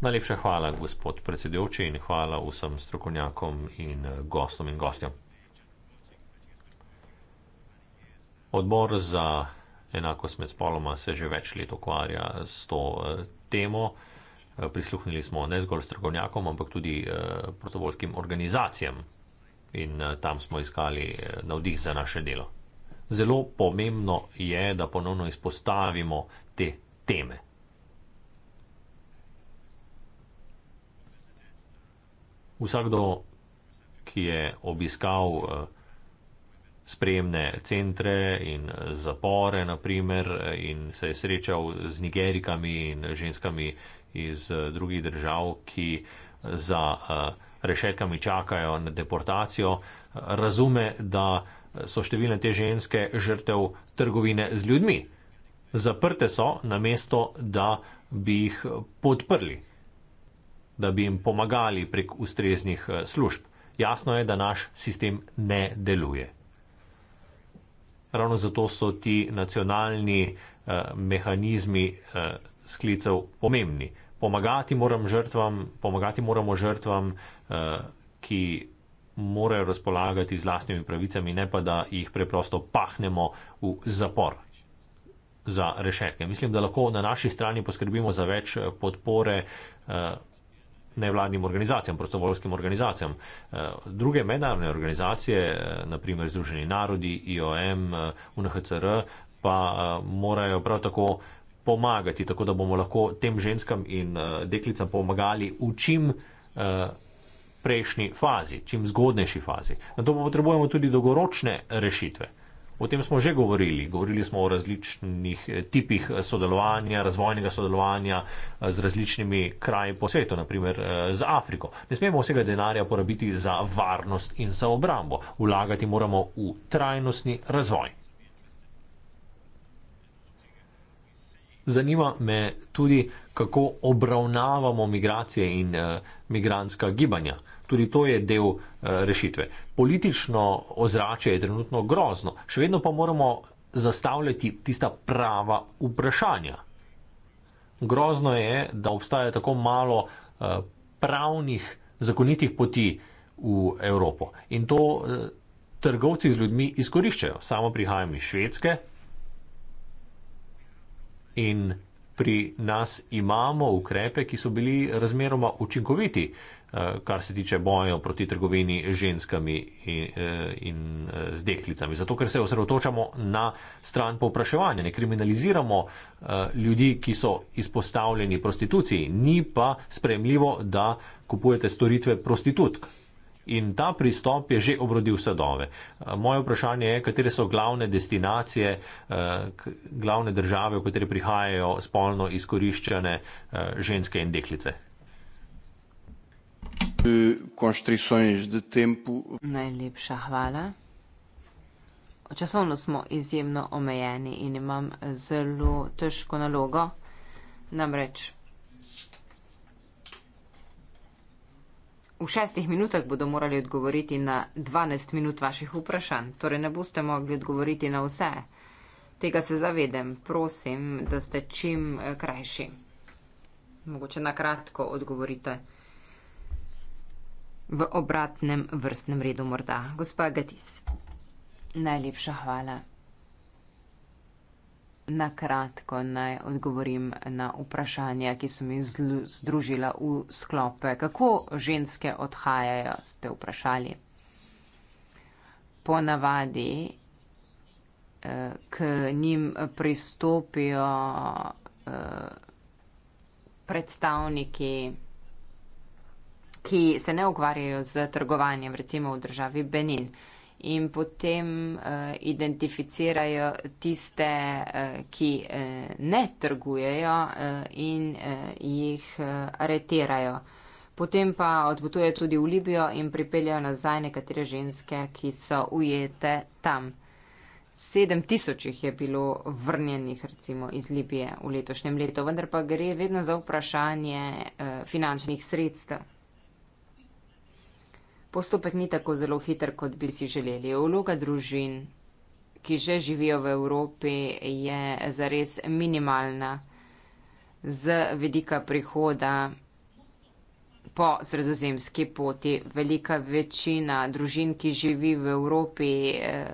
Najlepša hvala, gospod predsedujoči, in hvala vsem strokovnjakom in gostom in gostjam. Odbor za enakost med spoloma se že več let ukvarja s to eh, temo. Eh, prisluhnili smo ne zgolj strokovnjakom, ampak tudi eh, prostovoljskim organizacijam in tam smo iskali navdih za naše delo zelo pomembno je, da ponovno izpostavimo te teme. Vsakdo, ki je obiskal eh, spremne centre in eh, zapore, naprimer, eh, in se je srečal z nigerikami in ženskami iz drugih držav, ki za rešetkami čakajo na deportacijo, razume, da so številne te ženske žrtev trgovine z ljudmi. Zaprte so na mesto, da bi jih podprli, da bi jim pomagali prek ustreznih eh, služb. Jasno je, da naš sistem ne deluje. Ravno zato so ti nacionalni eh, mehanizmi eh, sklicev pomembni. Pomagati moram žrtvam, pomagati moramo žrtvam, eh, ki morajo razpolagati z vlastnimi pravicami, ne pa da jih preprosto pahnemo v zapor za rešetke. Mislim, da lahko na naši strani poskrbimo za več eh, podpore eh, nevladnim organizacijam, prostovoljskim organizacijam. Eh, druge mednarodne organizacije, naprimer Združeni narodi, IOM, UNHCR, pa morajo prav tako pomagati, tako da bomo lahko tem ženskam in deklicam pomagali v čim prejšnji fazi, čim zgodnejši fazi. Na to pa potrebujemo tudi dolgoročne rešitve. O tem smo že govorili. Govorili smo o različnih eh, tipih eh, sodelovanja, razvojnega sodelovanja eh, z različnimi kraji po svetu, naprimer z Afriko. Ne smemo vsega denarja porabiti za varnost in za obrambo. Vlagati moramo v trajnostni razvoj. Zanima me tudi, kako obravnavamo migracije in uh, eh, migranska gibanja. Tudi to je del uh, rešitve. Politično ozračje je trenutno grozno, še vedno pa moramo zastavljati tista prava vprašanja. Grozno je, da obstaja tako malo uh, pravnih, zakonitih poti v Evropo. In to uh, trgovci z ljudmi izkoriščajo. Samo prihajam iz Švedske, in pri nas imamo ukrepe, ki so bili razmeroma učinkoviti, eh, kar se tiče bojo proti trgovini ženskami in, eh, in eh, z deklicami. Zato, ker se osredotočamo na stran povpraševanja, ne kriminaliziramo ljudi, ki so izpostavljeni prostituciji, ni pa spremljivo, da kupujete storitve prostitutk. In ta pristop je že obrodil sadove. Eh, moje vprašanje je, katere so glavne destinacije, eh, glavne države, v katere prihajajo spolno izkoriščene eh, ženske in deklice. Najlepša hvala. Časovno smo izjemno omejeni in imam zelo težko nalogo. Namreč V šestih minutah bodo morali odgovoriti na 12 minut vaših vprašanj, torej ne boste mogli odgovoriti na vse. Tega se zavedem, prosim, da ste čim eh, krajši. Mogoče na kratko odgovorite. V obratnem vrstnem redu morda. Gospa Gatis, najlepša hvala na kratko naj odgovorim na vprašanja, ki sem jih združila v sklope. Kako ženske odhajajo, ste vprašali. Ponavadi, eh, k njim pristopijo eh, predstavniki, ki se ne ukvarjajo z trgovanjem, recimo v državi Benin in potem uh, identificirajo tiste, uh, ki uh, ne trgujejo uh, in uh, jih uh, aretirajo. Potem pa odpotujejo tudi v Libijo in pripeljajo nazaj nekatere ženske, ki so ujete tam. 7000 jih je bilo vrnjenih recimo iz Libije v letošnjem letu, vendar pa gre vedno za vprašanje uh, finančnih sredstev. Postopek ni tako zelo hiter, kot bi si želeli. Vloga družin, ki že živijo v Evropi, je zares minimalna z vedika prihoda po sredozemski poti. Velika večina družin, ki živi v Evropi, eh,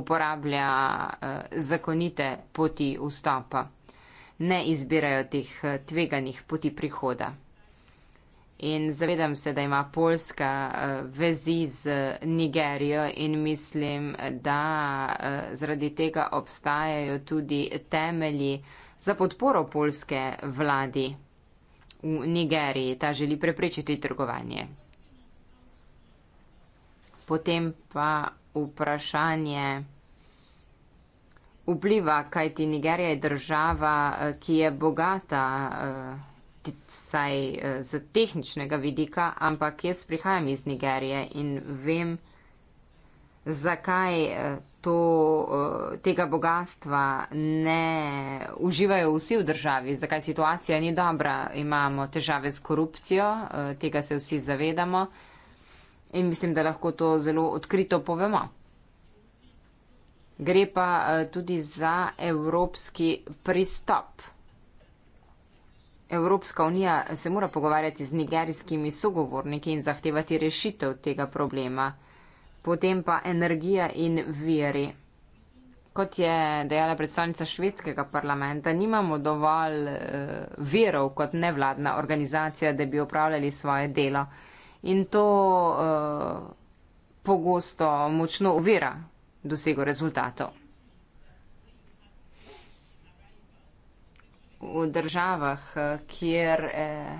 uporablja eh, zakonite poti vstopa. Ne izbirajo teh eh, tveganih poti prihoda. In zavedam se, da ima Poljska eh, vezi z eh, Nigerijo in mislim, da eh, zaradi tega obstajajo tudi temelji za podporo polske vladi v Nigeriji. Ta želi preprečiti trgovanje. Potem pa vprašanje vpliva, kajti Nigerija je država, ki je bogata vsaj eh, z tehničnega vidika, ampak jaz prihajam iz Nigerije in vem, zakaj eh, to, eh, tega bogatstva ne uživajo vsi v državi, zakaj situacija ni dobra, imamo težave s korupcijo, tega se vsi zavedamo in mislim, da lahko to zelo odkrito povemo. Gre pa tudi za evropski pristop. Evropska unija se mora pogovarjati z nigerijskimi sogovorniki in zahtevati rešitev tega problema. Potem pa energija in viri. Kot je dejala predstavnica švedskega parlamenta, nimamo dovolj eh, virov kot nevladna organizacija, da bi opravljali svoje delo. In to uh, pogosto močno uvira dosego rezultatov. v državah, eh, kjer, eh,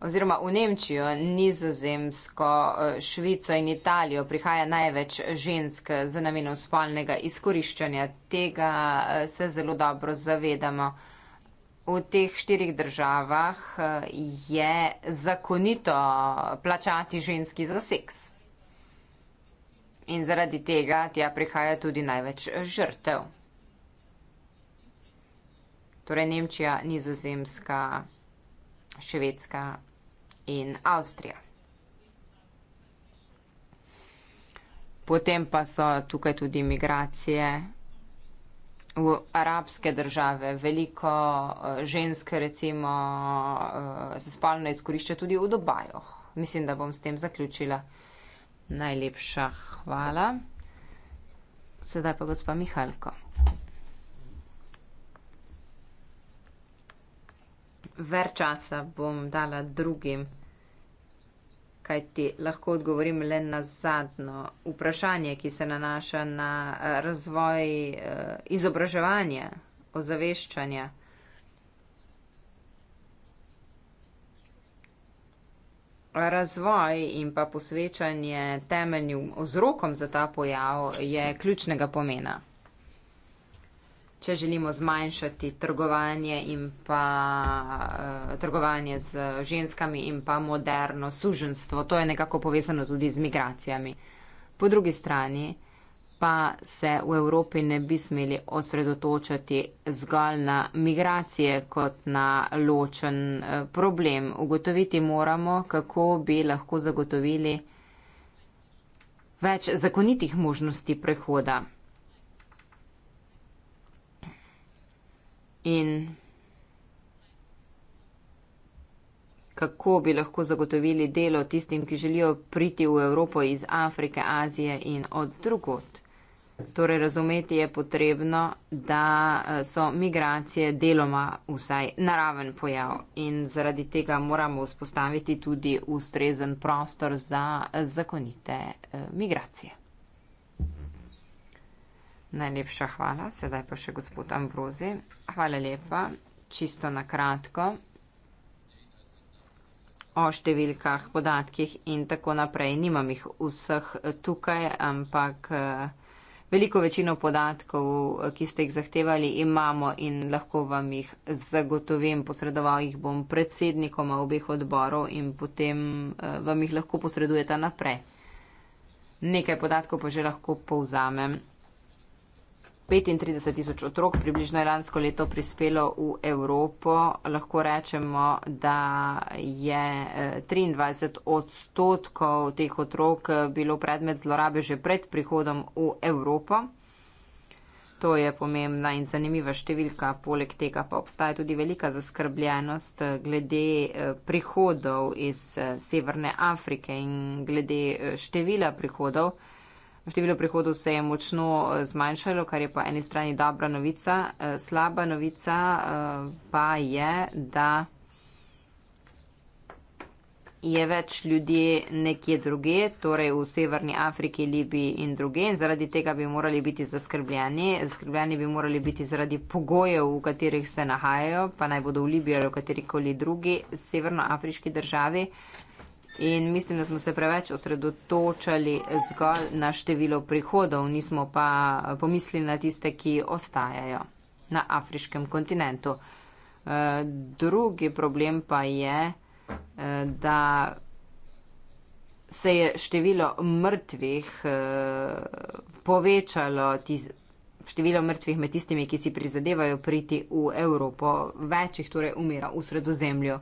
oziroma v Nemčijo, Nizozemsko, eh, Švico in Italijo prihaja največ žensk za namenom spolnega izkoriščanja. Tega se zelo dobro zavedamo. V teh štirih državah je zakonito plačati ženski za seks. In zaradi tega tja prihaja tudi največ žrtev torej Nemčija, Nizozemska, Švedska in Avstrija. Potem pa so tukaj tudi migracije v arabske države. Veliko eh, ženske recimo eh, se spalno izkorišča tudi v Dubaju. Mislim, da bom s tem zaključila. Najlepša hvala. Sedaj pa gospa Mihalko. več časa bom dala drugim, kaj ti lahko odgovorim le na zadnjo vprašanje, ki se nanaša na eh, razvoj eh, izobraževanja, ozaveščanja. Razvoj in pa posvečanje temeljnim vzrokom za ta pojav je ključnega pomena če želimo zmanjšati trgovanje, pa, uh, trgovanje z ženskami in pa moderno suženstvo. To je nekako povezano tudi z migracijami. Po drugi strani pa se v Evropi ne bi smeli osredotočati zgolj na migracije kot na ločen eh, problem. Ugotoviti moramo, kako bi lahko zagotovili več zakonitih možnosti prehoda. in kako bi lahko zagotovili delo tistim, ki želijo priti v Evropo iz Afrike, Azije in od drugot. Torej, razumeti je potrebno, da eh, so migracije deloma vsaj naraven pojav in zaradi tega moramo vzpostaviti tudi ustrezen prostor za eh, zakonite eh, migracije. Najlepša hvala, sedaj pa še gospod Ambrozi. Hvala lepa, čisto na kratko. O številkah, podatkih in tako naprej. Nimam jih vseh tukaj, ampak veliko večino podatkov, ki ste jih zahtevali, imamo in lahko vam jih zagotovim. Posredoval jih bom predsednikoma obeh odborov in potem vam jih lahko posredujete naprej. Nekaj podatkov pa že lahko povzamem. 35 tisoč otrok približno je lansko leto prispelo v Evropo. Lahko rečemo, da je 23 eh, odstotkov teh otrok eh, bilo predmet zlorabe že pred prihodom v Evropo. To je pomembna in zanimiva številka. Poleg tega pa obstaja tudi velika zaskrbljenost eh, glede prihodov iz Severne Afrike in glede števila prihodov. Število prihodov se je močno eh, zmanjšalo, kar je po eni strani dobra novica. Eh, slaba novica eh, pa je, da je več ljudi nekje druge, torej v Severni Afriki, Libiji in druge in zaradi tega bi morali biti zaskrbljeni. Zaskrbljeni bi morali biti zaradi pogojev, v katerih se nahajajo, pa naj bodo v Libiji ali v katerikoli drugi severnoafriški državi. In mislim, da smo se preveč osredotočali zgolj na število prihodov, nismo pa pomislili na tiste, ki ostajajo na afriškem kontinentu. Eh, drugi problem pa je, eh, da se je število mrtvih eh, povečalo, število mrtvih med tistimi, ki si prizadevajo priti v Evropo, večjih torej umira v sredozemlju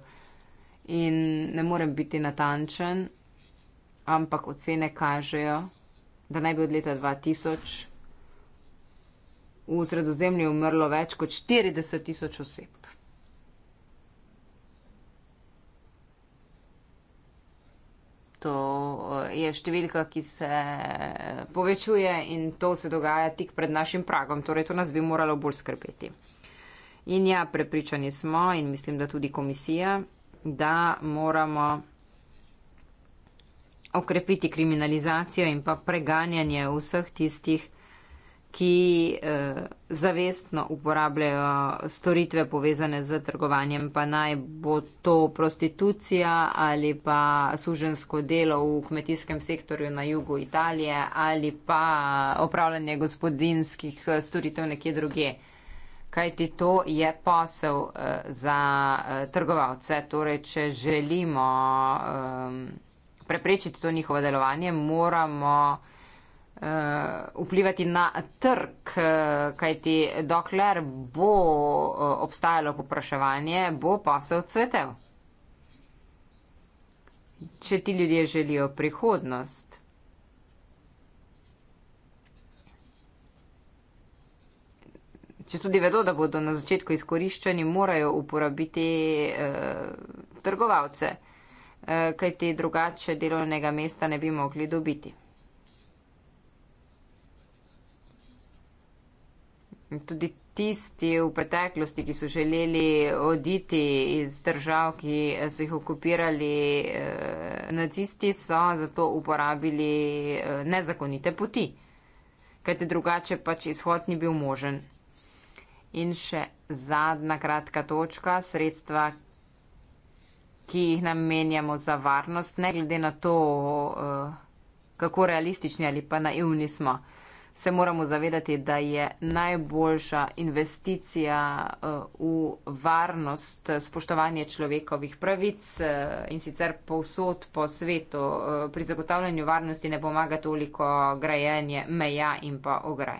in ne morem biti natančen, ampak ocene kažejo, da naj bi od leta 2000 v sredozemlju umrlo več kot 40 tisoč oseb. To eh, je številka, ki se eh, povečuje in to se dogaja tik pred našim pragom, torej to nas bi moralo bolj skrbeti. In ja, prepričani smo in mislim, da tudi komisija, da moramo okrepiti kriminalizacijo in pa preganjanje vseh tistih, ki eh, zavestno uporabljajo storitve povezane z trgovanjem, pa naj bo to prostitucija ali pa sužensko delo v kmetijskem sektorju na jugu Italije ali pa opravljanje gospodinskih eh, storitev nekje drugje kajti to je posel eh, za eh, trgovalce. Torej, če želimo ehm, preprečiti to njihovo delovanje, moramo eh, vplivati na trg, kajti dokler bo obstajalo popraševanje, bo posel cvetel. Če ti ljudje želijo prihodnost, če tudi vedo, da bodo na začetku izkoriščeni, morajo uporabiti eh, trgovalce, eh, kaj te drugače delovnega mesta ne bi mogli dobiti. Tudi tisti v preteklosti, ki so želeli oditi iz držav, ki so jih okupirali eh, nacisti, so zato uporabili eh, nezakonite poti, kajte drugače pač izhod ni bil možen. In še zadnja kratka točka, sredstva, ki jih namenjamo za varnost, ne glede na to, eh, kako realistični ali pa naivni smo, se moramo zavedati, da je najboljša investicija eh, v varnost spoštovanje človekovih pravic eh, in sicer povsod po svetu. Pri zagotavljanju varnosti ne pomaga toliko grajenje meja in pa ograj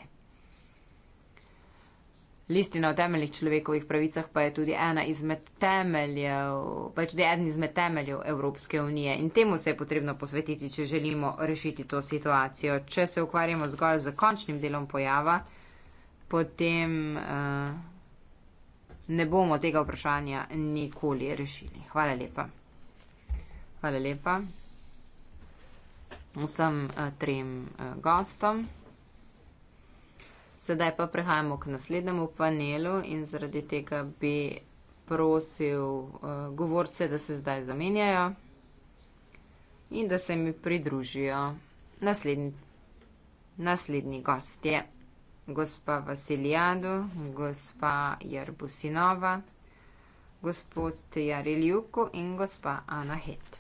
listina o temeljih človekovih pravicah pa je tudi ena izmed temeljev, pa je tudi eden izmed temeljev Evropske unije in temu se je potrebno posvetiti, če želimo rešiti to situacijo. Če se ukvarjamo zgolj z končnim delom pojava, potem uh, ne bomo tega vprašanja nikoli rešili. Hvala lepa. Hvala lepa vsem uh, trem uh, gostom. Sedaj pa prehajamo k naslednjemu panelu in zaradi tega bi prosil uh, govorce, da se zdaj zamenjajo in da se mi pridružijo naslednji, naslednji gostje. Gospa Vasilijadu, gospa Jarbusinova, gospod Jariljuku in gospa Ana Het.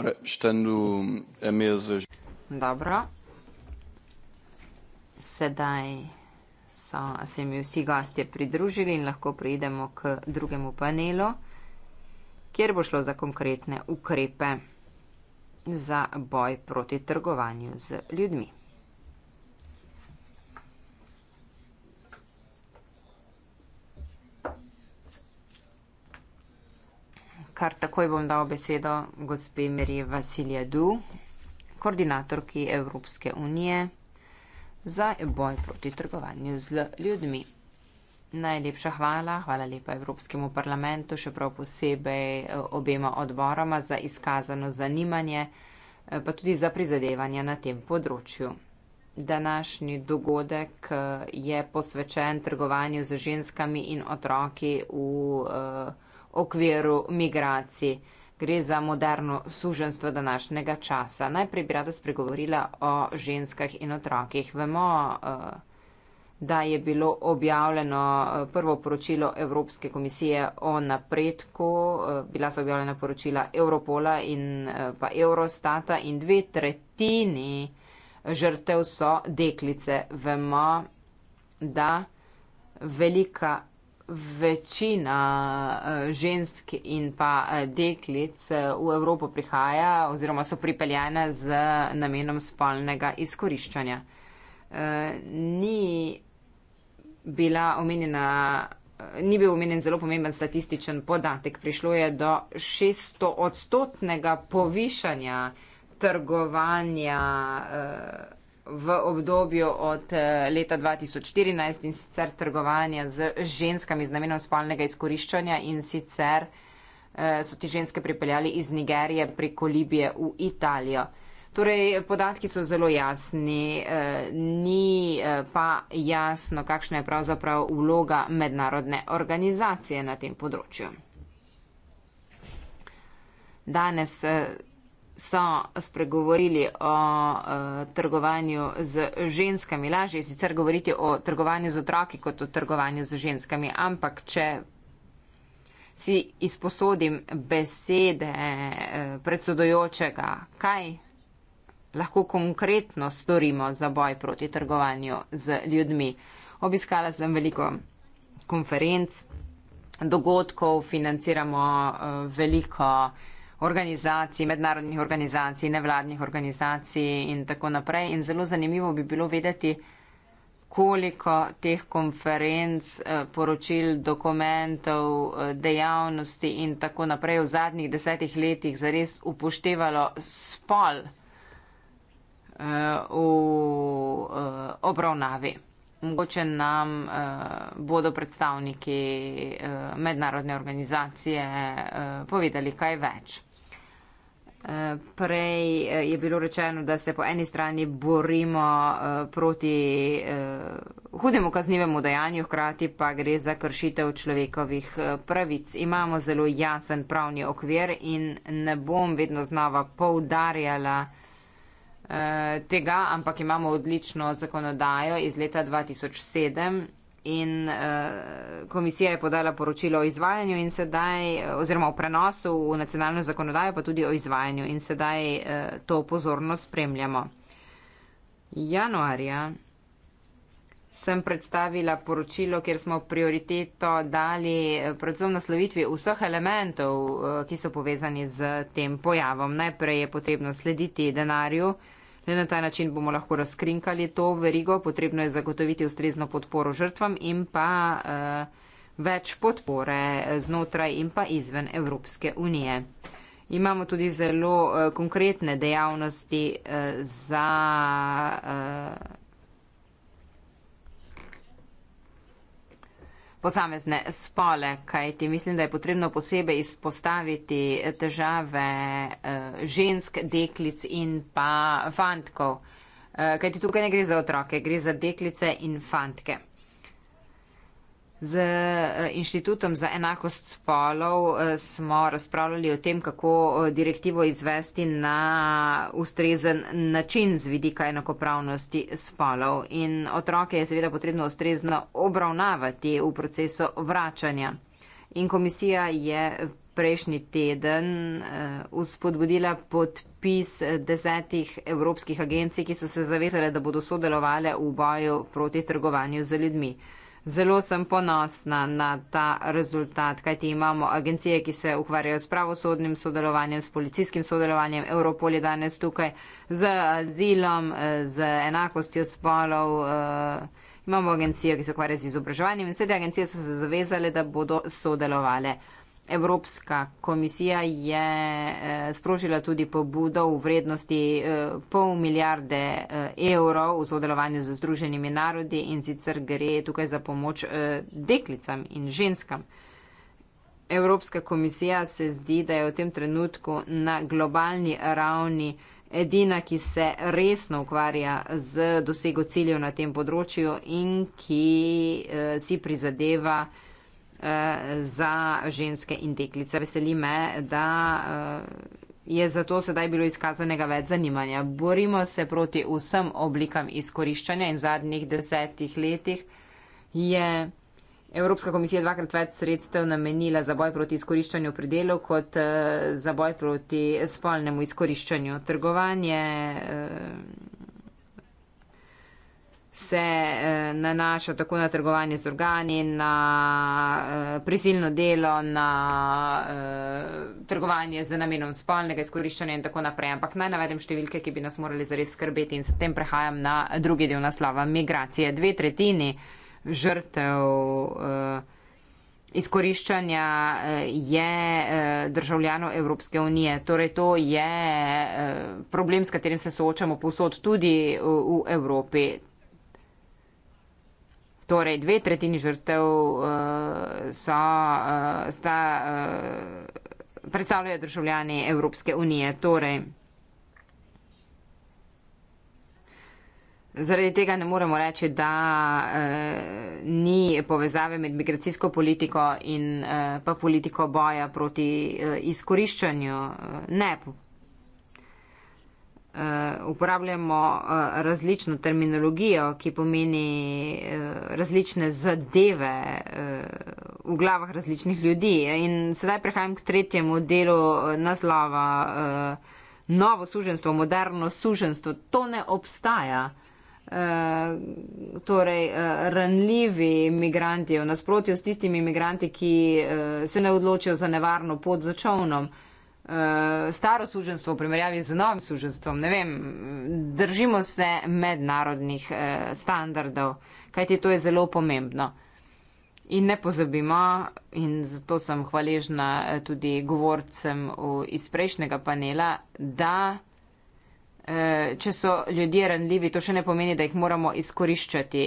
Ora, estando a mesa. Dobro. Sedaj so se mi vsi gostje pridružili in lahko pridemo k drugemu panelu, kjer bo šlo za konkretne ukrepe za boj proti trgovanju z ljudmi. kar takoj bom dal besedo gospe Meri Vasilija Du, koordinatorki Evropske unije za boj proti trgovanju z ljudmi. Najlepša hvala, hvala lepa Evropskemu parlamentu, še prav posebej eh, obema odboroma za izkazano zanimanje, eh, pa tudi za prizadevanje na tem področju. Današnji dogodek eh, je posvečen trgovanju z ženskami in otroki v uh, okviru migracij. Gre za moderno suženstvo današnjega časa. Najprej bi rada spregovorila o ženskah in otrokih. Vemo, eh, da je bilo objavljeno eh, prvo poročilo Evropske komisije o napredku, eh, bila so objavljena poročila Europola in pa Eurostata in dve tretjini žrtev so deklice. Vemo, da velika večina eh, žensk in pa eh, deklic eh, v Evropo prihaja oziroma so pripeljene z namenom spolnega izkoriščanja. Ni bila omenjena. Ni bil omenjen zelo pomemben statističen podatek. Prišlo je do 600 odstotnega povišanja trgovanja. Eh, v obdobju od eh, leta 2014 in sicer trgovanja z ženskami z namenom spolnega izkoriščanja in sicer eh, so ti ženske pripeljali iz Nigerije preko Libije v Italijo. Torej, podatki so zelo jasni, eh, ni pa jasno, kakšna je pravzaprav vloga mednarodne organizacije na tem področju. Danes so spregovorili o uh, trgovanju z ženskami. Lažje je sicer govoriti o trgovanju z otroki kot o trgovanju z ženskami, ampak če si izposodim besede e, predsodojočega, kaj lahko konkretno storimo za boj proti trgovanju z ljudmi. Obiskala sem veliko konferenc, dogodkov, financiramo e, veliko uh, organizacij, mednarodnih organizacij, nevladnih organizacij in tako naprej. In zelo zanimivo bi bilo vedeti, koliko teh konferenc, eh, poročil, dokumentov, eh, dejavnosti in tako naprej v zadnjih desetih letih zares upoštevalo spol eh, v obravnavi. Mogoče nam bodo predstavniki mednarodne organizacije povedali kaj več. Prej eh, je bilo rečeno, da se po eni strani borimo eh, proti eh, hudemu kaznivemu dejanju, hkrati pa gre za kršitev človekovih pravic. Imamo zelo jasen pravni okvir in ne bom vedno znova poudarjala tega, ampak imamo odlično zakonodajo iz leta 2007 in uh, komisija je podala poročilo o izvajanju in sedaj, eh, oziroma o prenosu v nacionalno zakonodajo, pa tudi o izvajanju in sedaj uh, to pozorno spremljamo. Januarja sem predstavila poročilo, kjer smo prioriteto dali predvsem naslovitvi vseh elementov, uh, ki so povezani z tem pojavom. Najprej je potrebno slediti denarju, uh, Le na ta način bomo lahko razkrinkali to verigo, potrebno je zagotoviti ustrezno podporo žrtvam in pa uh, več podpore eh, znotraj in pa izven Evropske unije. Imamo tudi zelo uh, konkretne dejavnosti uh, za. Uh, posamezne spole, kajti mislim, da je potrebno posebej izpostaviti težave eh, žensk, deklic in pa fantkov. Eh, kajti tukaj ne gre za otroke, gre za deklice in fantke. Z eh, inštitutom za enakost spolov eh, smo razpravljali o tem, kako eh, direktivo izvesti na ustrezen način z vidika enakopravnosti spolov. In otroke je seveda potrebno ustrezno obravnavati v procesu vračanja. In komisija je prejšnji teden uspodbudila podpis desetih evropskih agencij, ki so se zavezale, da bodo sodelovali v boju proti trgovanju z ljudmi. Zelo sem ponosna na ta rezultat, kajti imamo agencije, ki se ukvarjajo s pravosodnim sodelovanjem, s policijskim sodelovanjem, Europol je danes tukaj, z azilom, z enakostjo spolov, eh, imamo agencijo, ki se ukvarja z izobraževanjem in vse te agencije so se zavezale, da bodo sodelovale. Evropska komisija je eh, sprožila tudi pobudo v vrednosti eh, pol milijarde eh, evrov v sodelovanju z Združenimi narodi in sicer gre tukaj za pomoč deklicam in ženskam. Evropska komisija se zdi, da je v tem trenutku na globalni ravni edina, ki se resno ukvarja z dosego ciljev na tem področju in ki si prizadeva za ženske in deklice. Veseli me, da eh, je zato sedaj bilo izkazanega več zanimanja. Borimo se proti vsem oblikam izkoriščanja in v zadnjih desetih letih je Evropska komisija dvakrat več sredstev namenila za boj proti izkoriščanju pri delu kot eh, za boj proti spolnemu izkoriščanju. Trgovanje eh, se eh, nanaša tako na trgovanje z organi, na eh, prisilno delo, na eh, trgovanje z namenom spolnega izkoriščanja in tako naprej. Ampak naj navedem številke, ki bi nas morali zares skrbeti in s tem prehajam na drugi del naslava. Migracije. Dve tretjini žrtev. Izkoriščanja je državljanov Evropske unije. Torej, to je problem, s katerim se soočamo povsod, tudi v Evropi. Torej, dve tretjini žrtev uh, so, uh, sta, uh, predstavljajo državljani Evropske unije. Torej, zaradi tega ne moremo reči, da uh, ni povezave med migracijsko politiko in uh, pa politiko boja proti uh, izkoriščanju. Ne. Eh, uporabljamo eh, različno terminologijo, ki pomeni eh, različne zadeve v glavah različnih ljudi. In sedaj prehajam k tretjemu delu naslova novo suženstvo, moderno suženstvo. To ne obstaja. Torej, ranljivi migranti, v nasprotju s tistimi migranti, ki se ne odločijo za nevarno pot za čovnom. Eh, staro suženstvo v primerjavi z novim suženstvom. Ne vem, držimo se mednarodnih eh, standardov, kajti to je zelo pomembno. In ne pozabimo, in zato sem hvaležna eh, tudi govorcem iz prejšnjega panela, da če so ljudje ranljivi, to še ne pomeni, da jih moramo izkoriščati.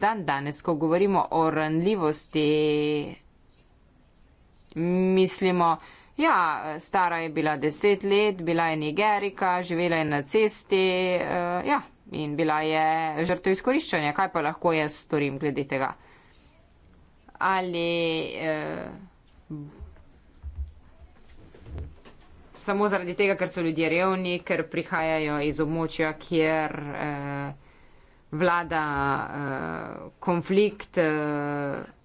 Dan danes, ko govorimo o ranljivosti, mislimo, da Ja, stara je bila deset let, bila je nigerika, živela je na cesti uh, ja, in bila je žrtev izkoriščanja. Kaj pa lahko jaz storim glede tega? Ali uh, samo zaradi tega, ker so ljudje revni, ker prihajajo iz območja, kjer uh, vlada uh, konflikt. Uh,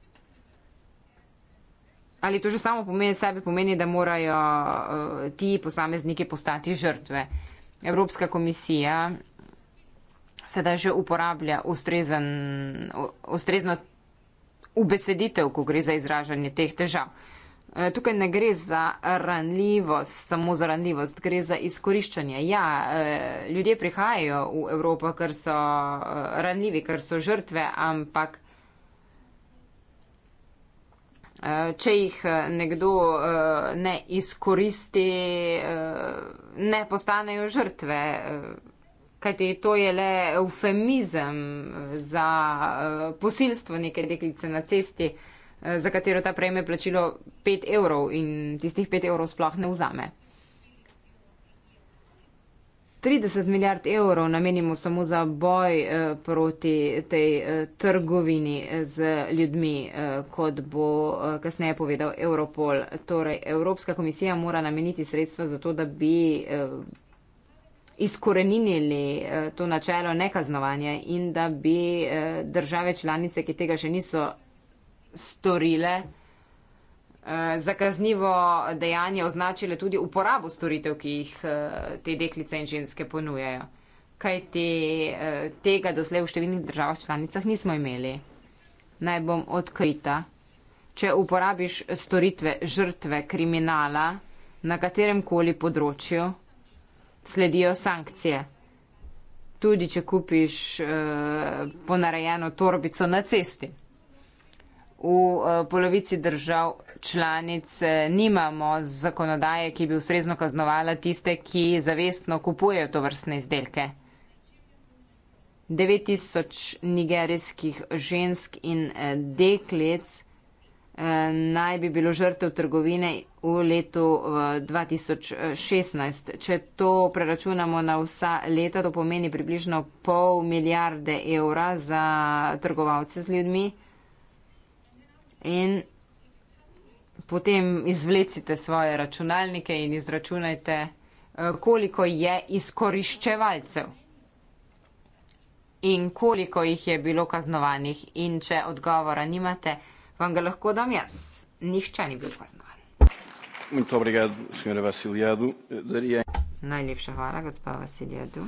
Ali to že samo pomeni, sebi pomeni, da morajo uh, ti posamezniki postati žrtve? Evropska komisija sedaj že uporablja ustrezen, ustrezno ubeseditev, ko gre za izražanje teh težav. Eh, tukaj ne gre za ranljivost, samo za ranljivost, gre za izkoriščanje. Ja, eh, ljudje prihajajo v Evropo, ker so ranljivi, ker so žrtve, ampak Eh, če jih eh, nekdo eh, ne izkoristi, ne postanejo žrtve. Kajti to je le eufemizem za posilstvo neke deklice na cesti, za katero ta prejme plačilo 5 evrov in tistih 5 evrov sploh ne vzame. 30 milijard evrov namenimo samo za boj eh, proti tej eh, trgovini eh, z ljudmi, kot bo kasneje povedal Europol. Torej, Evropska komisija mora nameniti sredstva za to, da bi izkorenili to načelo nekaznovanja in da bi države članice, ki tega še niso storile, Eh, za kaznivo dejanje označile tudi uporabo storitev, ki jih eh, te deklice in ženske ponujajo. Kaj te, eh, tega doslej v številnih državah članicah nismo imeli. Naj bom odkrita. Če uporabiš storitve žrtve kriminala na katerem koli področju, sledijo sankcije. Tudi, če kupiš eh, ponarejeno torbico na cesti. V eh, polovici držav članic eh, nimamo zakonodaje, ki bi ustrezno kaznovala tiste, ki zavestno kupujejo to vrstne izdelke. 9000 nigerijskih žensk in eh, deklic eh, naj bi bilo žrtev trgovine v letu 2016. Če to preračunamo na vsa leta, to pomeni približno pol milijarde evra za trgovalce z ljudmi. In potem izvlecite svoje računalnike in izračunajte, eh, koliko je izkoriščevalcev in koliko jih je bilo kaznovanih. In če odgovora nimate, vam ga lahko dam jaz. Nihče ni bil kaznovan. Eh, Najlepša hvala, gospa Vasiljadu.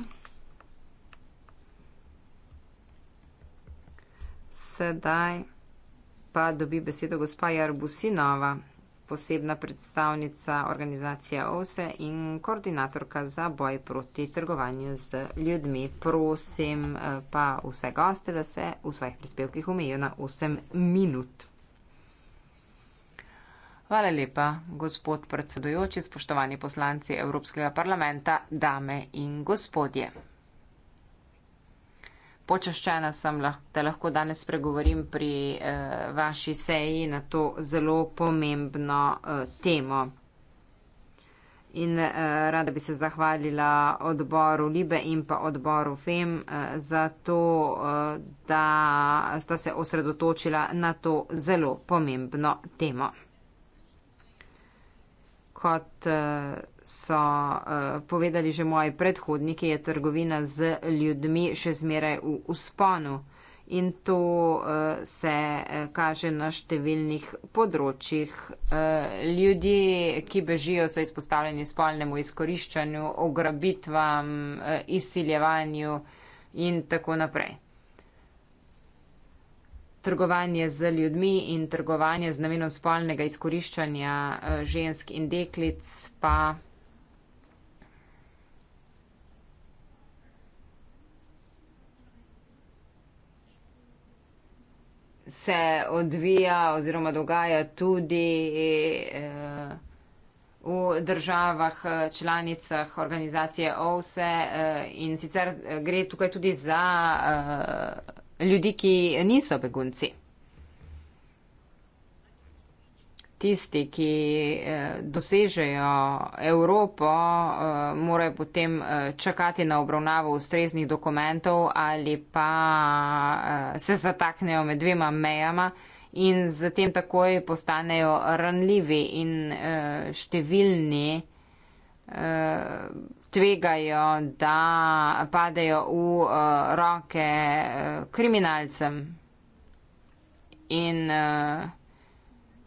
Sedaj pa dobi besedo gospa Jarbusinova, posebna predstavnica organizacije OSE in koordinatorka za boj proti trgovanju z ljudmi. Prosim eh, pa vse goste, da se v svojih prispevkih umejo na 8 minut. Hvala lepa, gospod predsedujoči, spoštovani poslanci Evropskega parlamenta, dame in gospodje počaščena sem, da lahko danes pregovorim pri eh, vaši seji na to zelo pomembno eh, temo. In eh, rada bi se zahvalila odboru Libe in pa odboru FEM za to, da sta se osredotočila na to zelo pomembno temo. Kot so uh, povedali že moji predhodniki, je trgovina z ljudmi še zmeraj v usponu in to uh, se eh, kaže na številnih področjih. Uh, ljudje, ki bežijo, so izpostavljeni spolnemu izkoriščanju, ograbitvam, uh, izsiljevanju in tako naprej. Trgovanje z ljudmi in trgovanje z namenom spolnega izkoriščanja žensk in deklic pa se odvija oziroma dogaja tudi eh, v državah članicah organizacije OVSE eh, in sicer eh, gre tukaj tudi za ljudi, ki niso begunci. tisti, ki eh, dosežejo Evropo, eh, morajo potem eh, čakati na obravnavo ustreznih dokumentov ali pa se zataknejo med dvema mejama in zatem takoj postanejo ranljivi in številni tvegajo, da padejo v roke kriminalcem. In uh,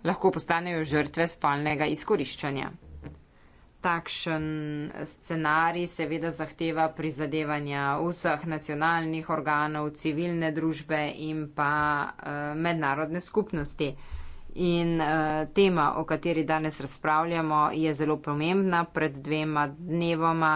lahko postanejo žrtve spolnega izkoriščanja. Takšen scenarij seveda zahteva prizadevanja vseh nacionalnih organov, civilne družbe in pa uh, mednarodne skupnosti. In uh, tema, o kateri danes razpravljamo, je zelo pomembna. Pred dvema dnevoma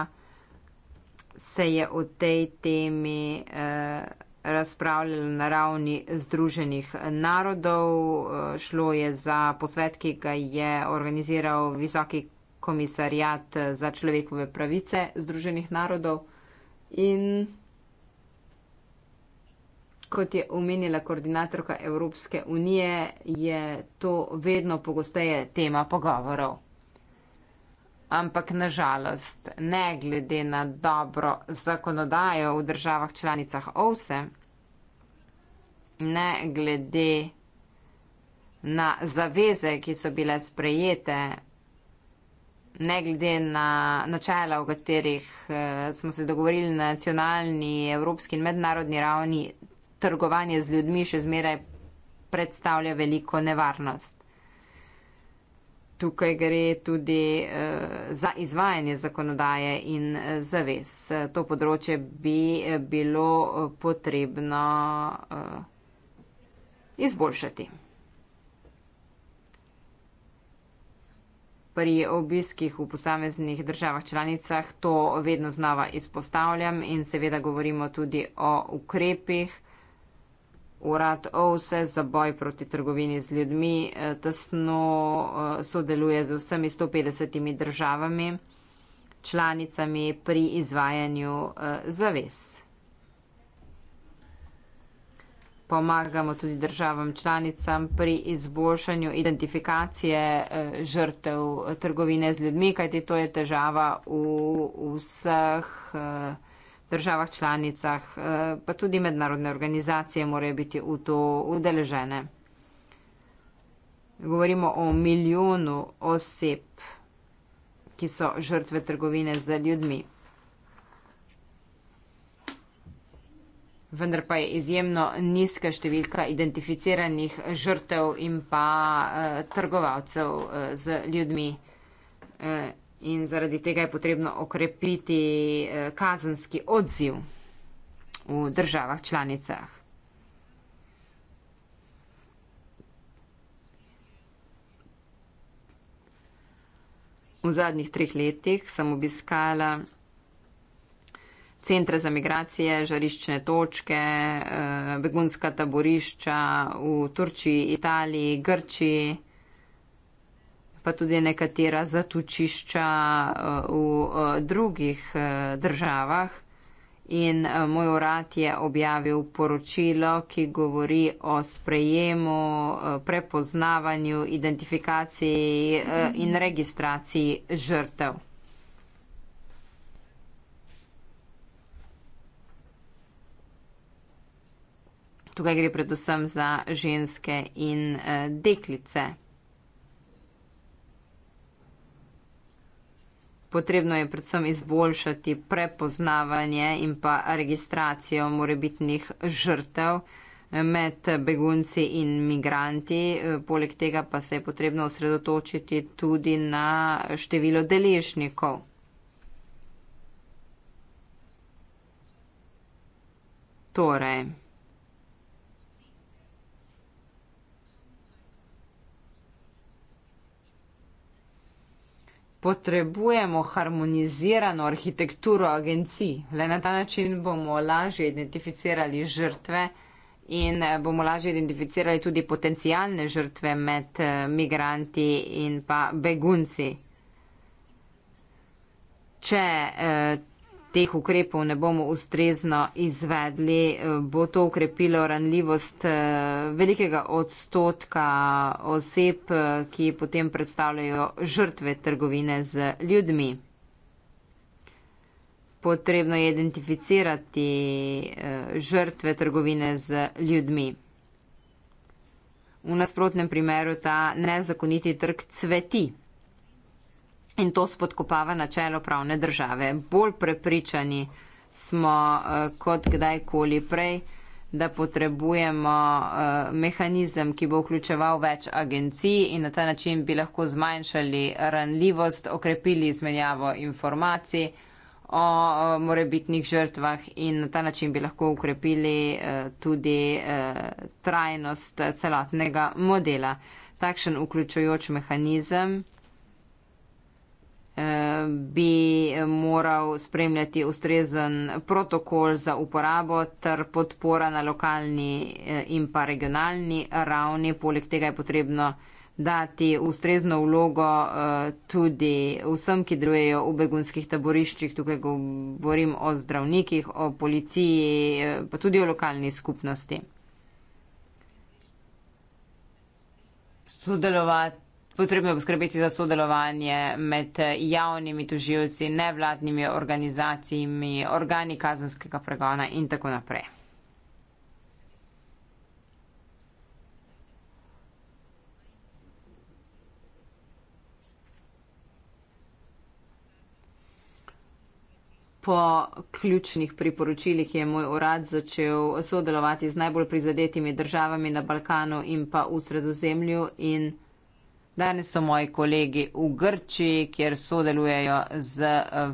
se je o tej temi. Uh, razpravljalo na ravni Združenih narodov. Eh, šlo je za posvet, ki ga je organiziral Visoki komisarjat eh, za človekove pravice Združenih narodov. In kot je omenila koordinatorka Evropske unije, je to vedno pogosteje tema pogovorov ampak nažalost, ne glede na dobro zakonodajo v državah članicah OSE, ne glede na zaveze, ki so bile sprejete, ne glede na načela, o katerih e, smo se dogovorili na nacionalni, evropski in mednarodni ravni, trgovanje z ljudmi še zmeraj predstavlja veliko nevarnost tukaj gre tudi eh, za izvajanje zakonodaje in eh, zavez. To področje bi eh, bilo potrebno izboljšati. Pri obiskih v posameznih državah članicah to vedno znova izpostavljam in seveda govorimo tudi o ukrepih Urad OVSE za boj proti trgovini z ljudmi eh, tesno eh, sodeluje z vsemi 150 državami, članicami pri izvajanju eh, zavez. Pomagamo tudi državam članicam pri izboljšanju identifikacije žrtev trgovine z ljudmi, kajti to je težava v vseh državah državah članicah, eh, pa tudi mednarodne organizacije morajo biti v to udeležene. Govorimo o milijonu oseb, ki so žrtve trgovine z ljudmi. Vendar pa je izjemno nizka številka identificiranih žrtev in pa eh, trgovalcev eh, z ljudmi. Eh, in zaradi tega je potrebno okrepiti eh, kazenski odziv v državah članicah. V zadnjih treh letih sem obiskala centre za migracije, žariščne točke, eh, begunska taborišča v Turčiji, Italiji, Grčiji pa tudi nekatera zatočišča eh, v eh, drugih eh, državah. In moj urad je objavil poročilo, ki govori o sprejemu, prepoznavanju, identifikaciji in registraciji žrtev. Tukaj gre predvsem za ženske in deklice. Potrebno je predvsem izboljšati prepoznavanje in pa registracijo morebitnih žrtev med begunci in migranti. Poleg tega pa se je potrebno osredotočiti tudi na število deležnikov. Torej. potrebujemo harmonizirano arhitekturo agencij. Le na ta način bomo lažje identificirali žrtve in eh, bomo lažje identificirali tudi potencijalne žrtve med eh, migranti in pa begunci. Če eh, teh ukrepov ne bomo ustrezno izvedli, eh, bo to ukrepilo ranljivost eh, velikega odstotka oseb, eh, ki potem predstavljajo žrtve trgovine z ljudmi. Potrebno je identificirati žrtve trgovine z ljudmi. V nasprotnem primeru ta nezakoniti trg cveti in to spodkopava načelo pravne države. Bolj prepričani smo eh, kot kdajkoli prej, da potrebujemo eh, mehanizem, ki bo vključeval več agencij in na ta način bi lahko zmanjšali ranljivost, okrepili izmenjavo informacij o eh, morebitnih žrtvah in na ta način bi lahko ukrepili tudi trajnost celotnega modela. Takšen vključujoč mehanizem bi moral spremljati ustrezen protokol za uporabo ter podpora na lokalni eh, in pa regionalni ravni. Poleg tega je potrebno dati ustrezno vlogo eh, tudi vsem, ki drujejo v begunskih taboriščih. Tukaj govorim o zdravnikih, o policiji, eh, pa tudi o lokalni skupnosti. Sodelovati Potrebno je poskrbeti za sodelovanje med javnimi tužilci, nevladnimi organizacijami, organi kazenskega pregona in tako naprej. Po ključnih priporočilih je moj urad začel sodelovati z najbolj prizadetimi državami na Balkanu in pa v sredozemlju in Danes so moji kolegi v Grčiji, kjer sodelujejo z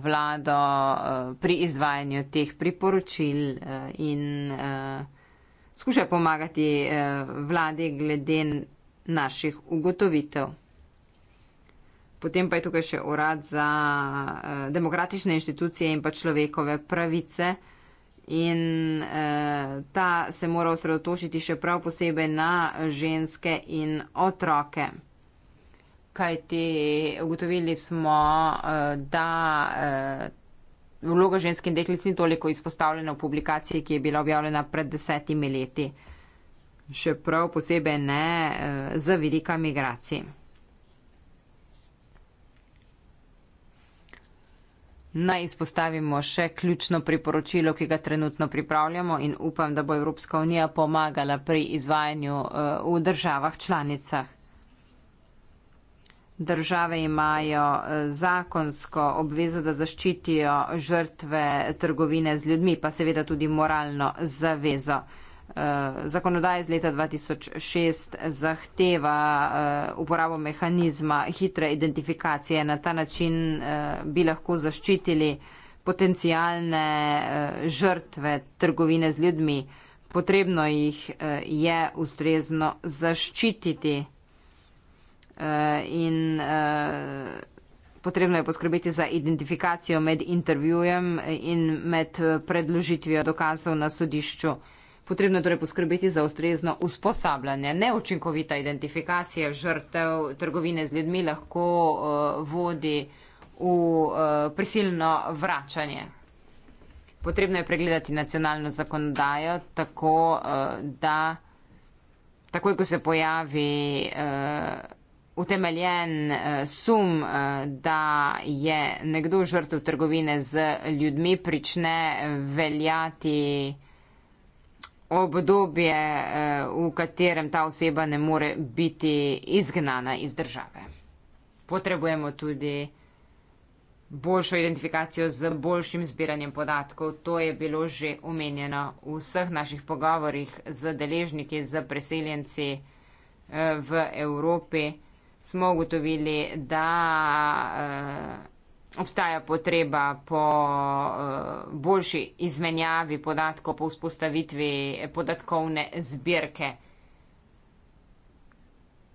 vlado eh, pri izvajanju teh priporočil eh, in eh, skušajo pomagati vladi glede naših ugotovitev. Potem pa je tukaj še urad za demokratične inštitucije in pa človekove pravice. In eh, ta se mora osredotočiti še prav posebej na ženske in otroke kajti ugotovili smo, eh, da eh, vloga žensk in deklic ni toliko izpostavljena v publikaciji, ki je bila objavljena pred desetimi leti. Še prav posebej ne eh, za vidika migracij. Naj izpostavimo še ključno priporočilo, ki ga trenutno pripravljamo in upam, da bo Evropska unija pomagala pri izvajanju v državah članicah države imajo eh, zakonsko obvezo, da zaščitijo žrtve trgovine z ljudmi, pa seveda tudi moralno zavezo. Eh, Zakonodaj iz leta 2006 zahteva eh, uporabo mehanizma hitre identifikacije. Na ta način bi lahko zaščitili potencijalne žrtve trgovine z ljudmi. Potrebno jih je ustrezno zaščititi. Eh, in eh, potrebno je poskrbeti za identifikacijo med intervjujem in med eh, predložitvijo dokazov na sodišču. Potrebno je torej poskrbeti za ustrezno usposabljanje. Neučinkovita identifikacija žrtev trgovine z ljudmi lahko uh, vodi v uh, prisilno vračanje. Potrebno je pregledati nacionalno zakonodajo tako, uh, da takoj, ko se pojavi uh, utemeljen eh, sum, eh, da je nekdo žrtv trgovine z ljudmi, prične veljati obdobje, eh, v katerem ta oseba ne more biti izgnana iz države. Potrebujemo tudi boljšo identifikacijo z boljšim zbiranjem podatkov. To je bilo že omenjeno v vseh naših pogovorjih z deležniki, z preseljenci v Evropi smo ugotovili, da eh, obstaja potreba po eh, boljši izmenjavi podatkov, po vzpostavitvi podatkovne zbirke.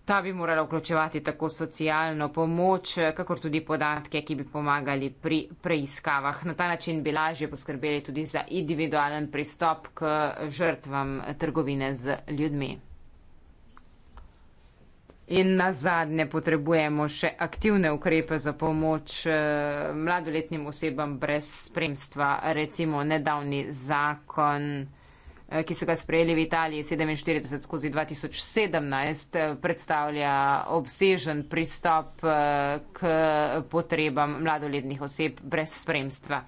Ta bi morala vključevati tako socialno pomoč, kakor tudi podatke, ki bi pomagali pri preiskavah. Na ta način bi lažje poskrbeli tudi za individualen pristop k žrtvam trgovine z ljudmi. In na zadnje potrebujemo še aktivne ukrepe za pomoč eh, mladoletnim osebam brez spremstva. Recimo nedavni zakon, eh, ki so ga sprejeli v Italiji 47 skozi 2017, eh, predstavlja obsežen pristop k potrebam mladoletnih oseb brez spremstva.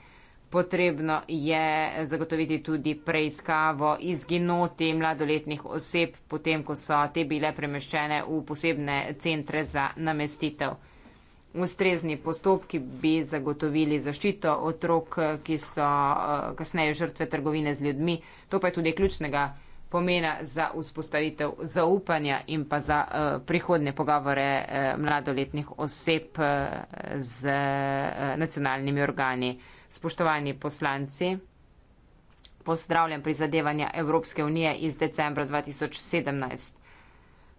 Potrebno je zagotoviti tudi preiskavo izginoti mladoletnih oseb, potem ko so te bile premeščene v posebne centre za namestitev. Ustrezni postopki bi zagotovili zaščito otrok, ki so eh, kasneje žrtve trgovine z ljudmi. To pa je tudi ključnega pomena za vzpostavitev zaupanja in pa za eh, prihodne pogovore eh, mladoletnih oseb z nacionalnimi organi. Spoštovani poslanci, pozdravljam prizadevanja Evropske unije iz decembra 2017,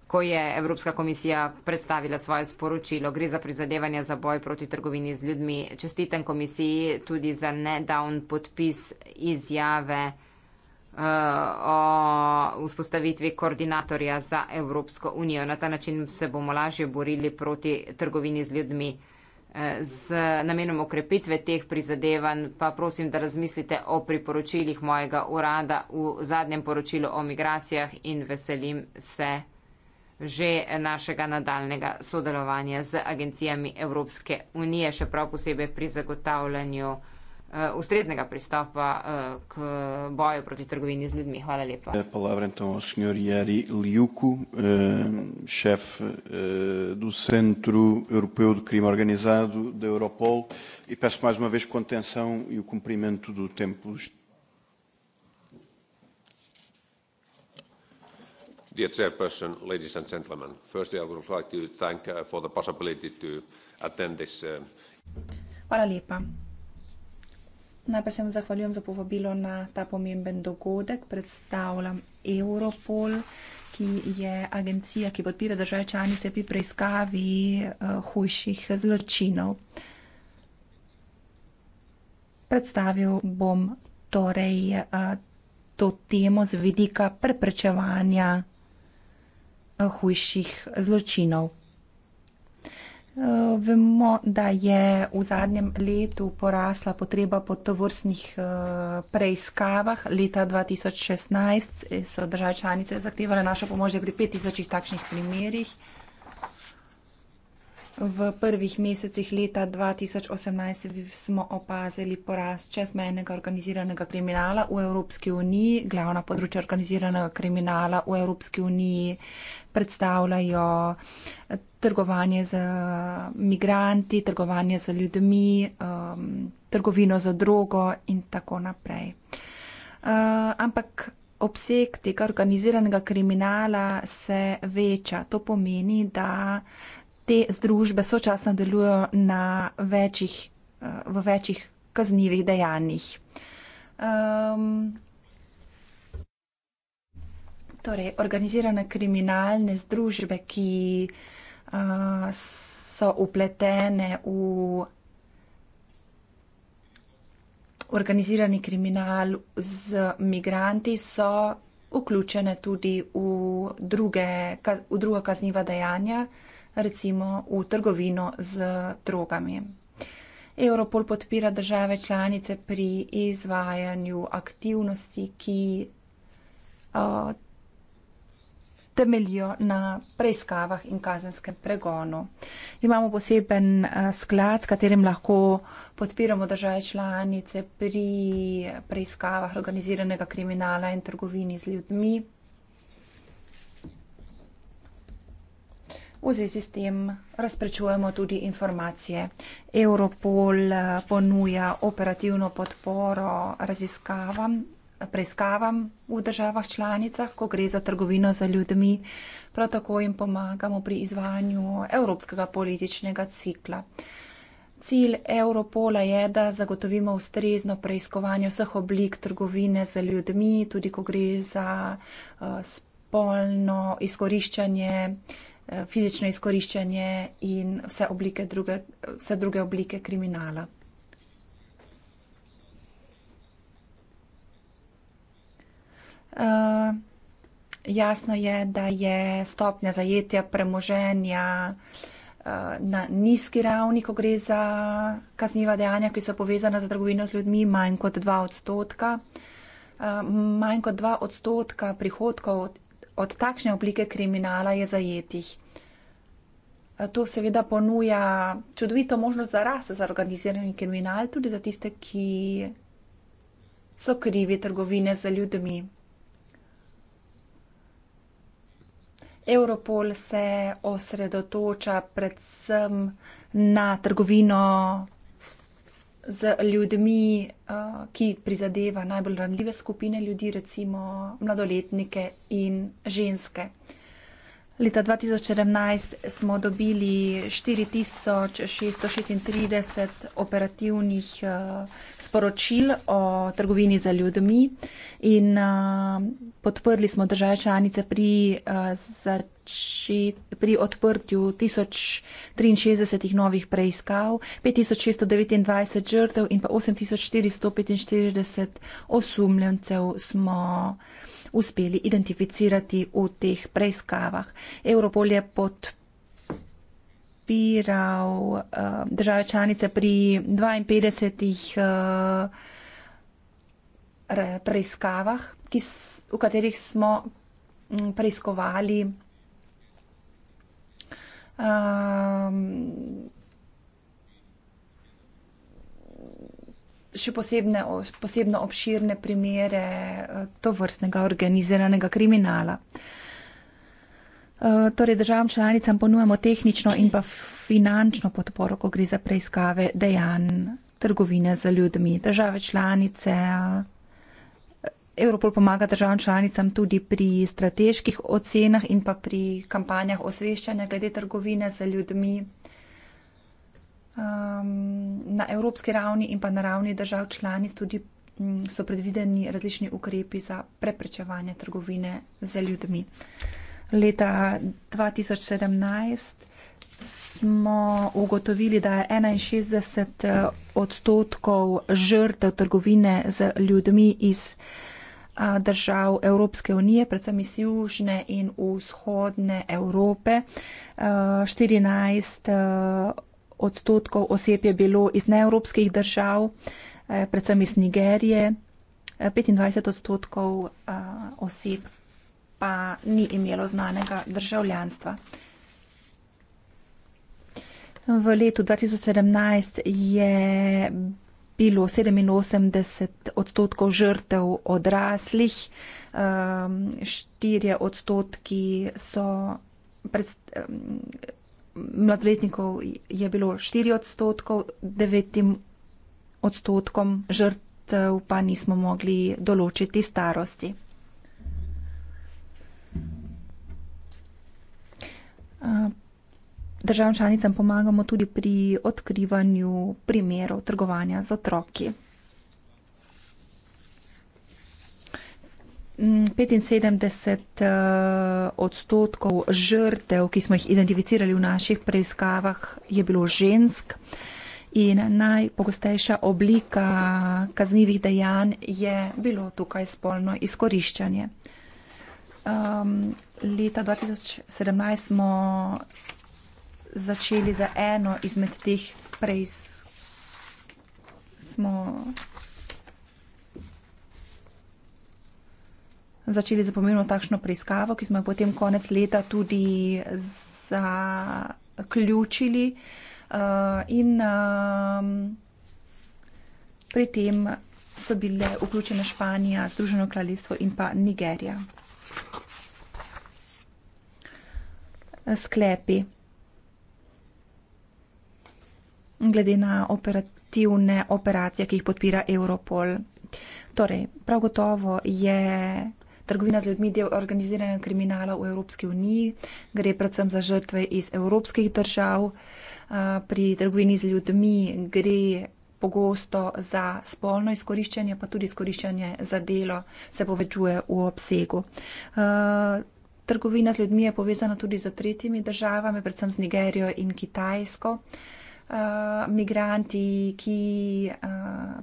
ko je Evropska komisija predstavila svoje sporočilo. Gre za prizadevanja za boj proti trgovini z ljudmi. Čestitem komisiji tudi za nedavn podpis izjave eh, o vzpostavitvi koordinatorja za Evropsko unijo. Na ta način se bomo lažje borili proti trgovini z ljudmi z namenom okrepitve teh prizadevanj, pa prosim, da razmislite o priporočilih mojega urada v zadnjem poročilu o migracijah in veselim se že našega nadaljnega sodelovanja z agencijami Evropske unije, še prav posebej pri zagotavljanju Eh, ustreznega pristopa eh, k boju proti trgovini z ljudmi. Hvala lepa. Palavra então ao senhor Yari Liuku, eh, šef do Centro Europeu de Crime Organizado da Europol e peço mais uma vez contenção e o cumprimento do tempo. Dear Chairperson, ladies and gentlemen, firstly I would like to thank uh, for the possibility to attend this. Uh, Hvala lepa. Najprej se vam zahvaljujem za povabilo na ta pomemben dogodek. Predstavljam Europol, ki je agencija, ki podpira države članice pri preiskavi uh, hujših zločinov. Predstavil bom torej uh, to temo z vidika preprečevanja uh, hujših zločinov. Eh, vemo, da je v zadnjem letu porasla potreba po tovrstnih eh, preiskavah. Leta 2016 eh, so države članice zahtevale našo pomoč pri 5000 takšnih primerjih. V prvih mesecih leta 2018 smo opazili porast čezmejnega organiziranega kriminala v Evropski uniji. Glavna področja organiziranega kriminala v Evropski uniji predstavljajo trgovanje z eh, migranti, trgovanje z ljudmi, um, trgovino z drogo in tako naprej. Uh, ampak obseg tega organiziranega kriminala se veča. To pomeni, da te združbe sočasno delujejo večih, uh, eh, v večjih kaznjivih dejanjih. Um, Torej, organizirane kriminalne združbe, ki uh, so upletene v organizirani kriminal z migranti, so vključene tudi v, druge, v druga kazniva dejanja, recimo v trgovino z drogami. Europol podpira države članice pri izvajanju aktivnosti, ki uh, temeljijo na preiskavah in kazenskem pregonu. Imamo poseben eh, sklad, s katerim lahko podpiramo države članice pri preiskavah organiziranega kriminala in trgovini z ljudmi. V zvezi s tem razprečujemo tudi informacije. Europol eh, ponuja operativno podporo raziskavam preiskavam v državah članicah, ko gre za trgovino za ljudmi. Prav tako jim pomagamo pri izvajanju evropskega političnega cikla. Cilj Europola je, da zagotovimo ustrezno preiskovanje vseh oblik trgovine za ljudmi, tudi ko gre za eh, spolno izkoriščanje, eh, fizično izkoriščanje in vse, oblike druge, vse druge oblike kriminala. Eh, jasno je, da je stopnja zajetja premoženja eh, na nizki ravni, ko gre za kazniva dejanja, ki so povezana za trgovino z ljudmi, manj kot 2 odstotka. Eh, manj kot 2 odstotka prihodkov od, od takšne oblike kriminala je zajetih. To seveda ponuja čudovito možnost za rase, za organizirani kriminal, tudi za tiste, ki so krivi trgovine za ljudmi. Europol se osredotoča predvsem na trgovino z ljudmi, eh, ki prizadeva najbolj ranljive skupine ljudi, recimo mladoletnike in ženske. Leta 2017 smo dobili 4636 operativnih uh, sporočil o trgovini za ljudmi in uh, podprli smo države članice pri, uh, pri odprtju 1063 novih preiskav, 5629 žrtev in pa 8445 osumljencev smo uspeli identificirati v teh preiskavah. Europol je podpiral uh, države članice pri 52 uh, eh, re, preiskavah, ki, v katerih smo mm, preiskovali. Uh, še posebne, posebno obširne primere eh, to vrstnega organiziranega kriminala. Eh, torej, državam članicam ponujamo tehnično in pa finančno podporo, ko gre za preiskave dejanj trgovine z ljudmi. Države članice, Evropol eh, pomaga državam članicam tudi pri strateških ocenah in pa pri kampanjah osveščanja glede trgovine z ljudmi um, na evropski ravni in pa na ravni držav članic tudi mm, so predvideni različni ukrepi za preprečevanje trgovine z ljudmi. Leta 2017 smo ugotovili, da je 61 eh, odstotkov žrtev trgovine z ljudmi iz eh, držav Evropske unije, predvsem iz južne in vzhodne Evrope, 14 eh, odstotkov odstotkov oseb je bilo iz neevropskih držav, eh, predvsem iz Nigerije, 25 eh, odstotkov eh, oseb pa ni imelo znanega državljanstva. V letu 2017 je bilo 87 odstotkov žrtev odraslih, 4 odstotki so predstavljali, mladoletnikov je bilo 4 odstotkov, 9 odstotkom žrtev pa nismo mogli določiti starosti. Državam članicam pomagamo tudi pri odkrivanju primerov trgovanja z otroki. 75 eh, odstotkov žrtev, ki smo jih identificirali v naših preiskavah, je bilo žensk. In najpogostejša oblika kaznjivih dejanj je bilo tukaj spolno izkoriščanje. Um, leta 2017 smo začeli za eno izmed teh preiskav. začeli za pomembno takšno preiskavo, ki smo jo potem konec leta tudi zaključili. Uh, in um, pri tem so bile vključene Španija, Združeno kraljestvo in pa Nigerija. Sklepi. Glede na operativne operacije, ki jih podpira Europol. Torej, prav gotovo je trgovina z ljudmi del organiziranega kriminala v Evropski uniji. Gre predvsem za žrtve iz evropskih držav. Pri trgovini z ljudmi gre pogosto za spolno izkoriščanje, pa tudi izkoriščanje za delo se povečuje v obsegu. Trgovina z ljudmi je povezana tudi z tretjimi državami, predvsem z Nigerijo in Kitajsko. Uh, migranti, ki uh,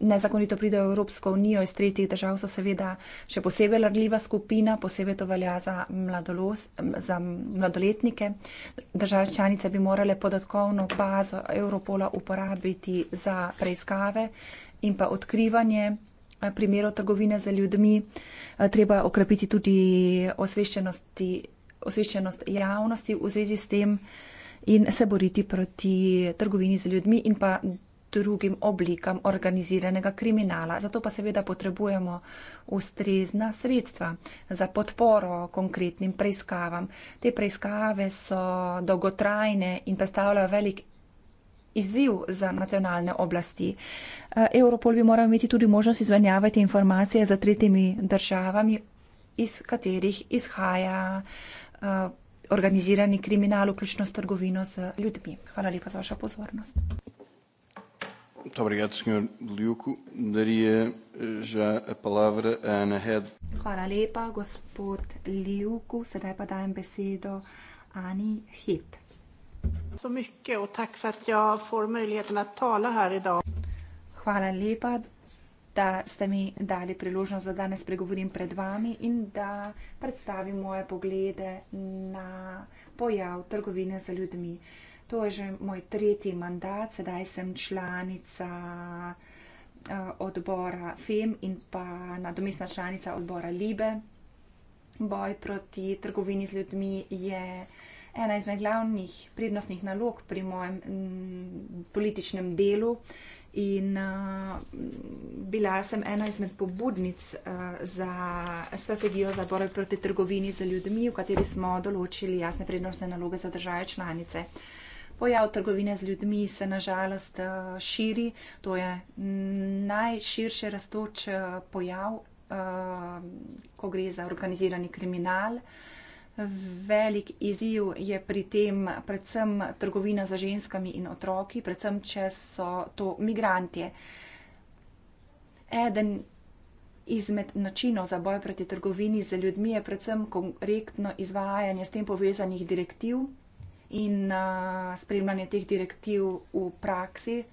nezakonito pridejo v Evropsko unijo iz tretjih držav, so seveda še posebej ranljiva skupina, posebej to velja za, mladolos, za mladoletnike. Države članice bi morale podatkovno bazo Europola uporabiti za preiskave in pa odkrivanje eh, primerov trgovine za ljudmi. Eh, treba okrepiti tudi osveščenost javnosti v zvezi s tem in se boriti proti trgovini za ljudmi in pa drugim oblikam organiziranega kriminala. Zato pa seveda potrebujemo ustrezna sredstva za podporo konkretnim preiskavam. Te preiskave so dolgotrajne in predstavljajo velik izziv za nacionalne oblasti. Eh, Europol bi moral imeti tudi možnost izvenjavati informacije za tretjimi državami, iz katerih izhaja eh, organizirani kriminal, vključno s trgovino z ljudmi. Hvala lepa za vašo pozornost. Muito obrigado, Sr. Liuco. Daria eh, já a palavra à Ana Head. Hvala lepa, gospod Liuku. Sedaj pa dajem besedo Ani Hit. Hvala lepa, da ste mi dali priložnost, da danes pregovorim pred vami in da predstavim moje poglede na pojav trgovine za ljudmi. Uh, To je že moj tretji mandat, sedaj sem članica eh, odbora FEM in pa nadomestna članica odbora Libe. Boj proti trgovini z ljudmi je ena izmed glavnih prednostnih nalog pri mojem mm, političnem delu in eh, bila sem ena izmed pobudnic eh, za strategijo za boj proti trgovini z ljudmi, v kateri smo določili jasne prednostne naloge za države članice. Pojav trgovine z ljudmi se nažalost eh, širi, to je najširše raztoč eh, pojav, eh, ko gre za organizirani kriminal. Velik izziv je pri tem predvsem trgovina za ženskami in otroki, predvsem, če so to migrantje. Eden izmed načinov za boj proti trgovini z ljudmi je predvsem konkretno izvajanje s tem povezanih direktiv in na spremljanje teh direktiv v praksi.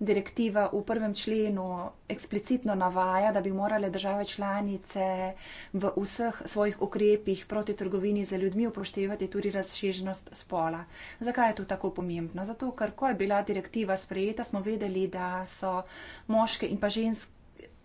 Direktiva v prvem členu eksplicitno navaja, da bi morale države članice v vseh svojih ukrepih proti trgovini za ljudmi upoštevati tudi razšeženost spola. Zakaj je to tako pomembno? Zato, ker ko je bila direktiva sprejeta, smo vedeli, da so moške in pa ženske.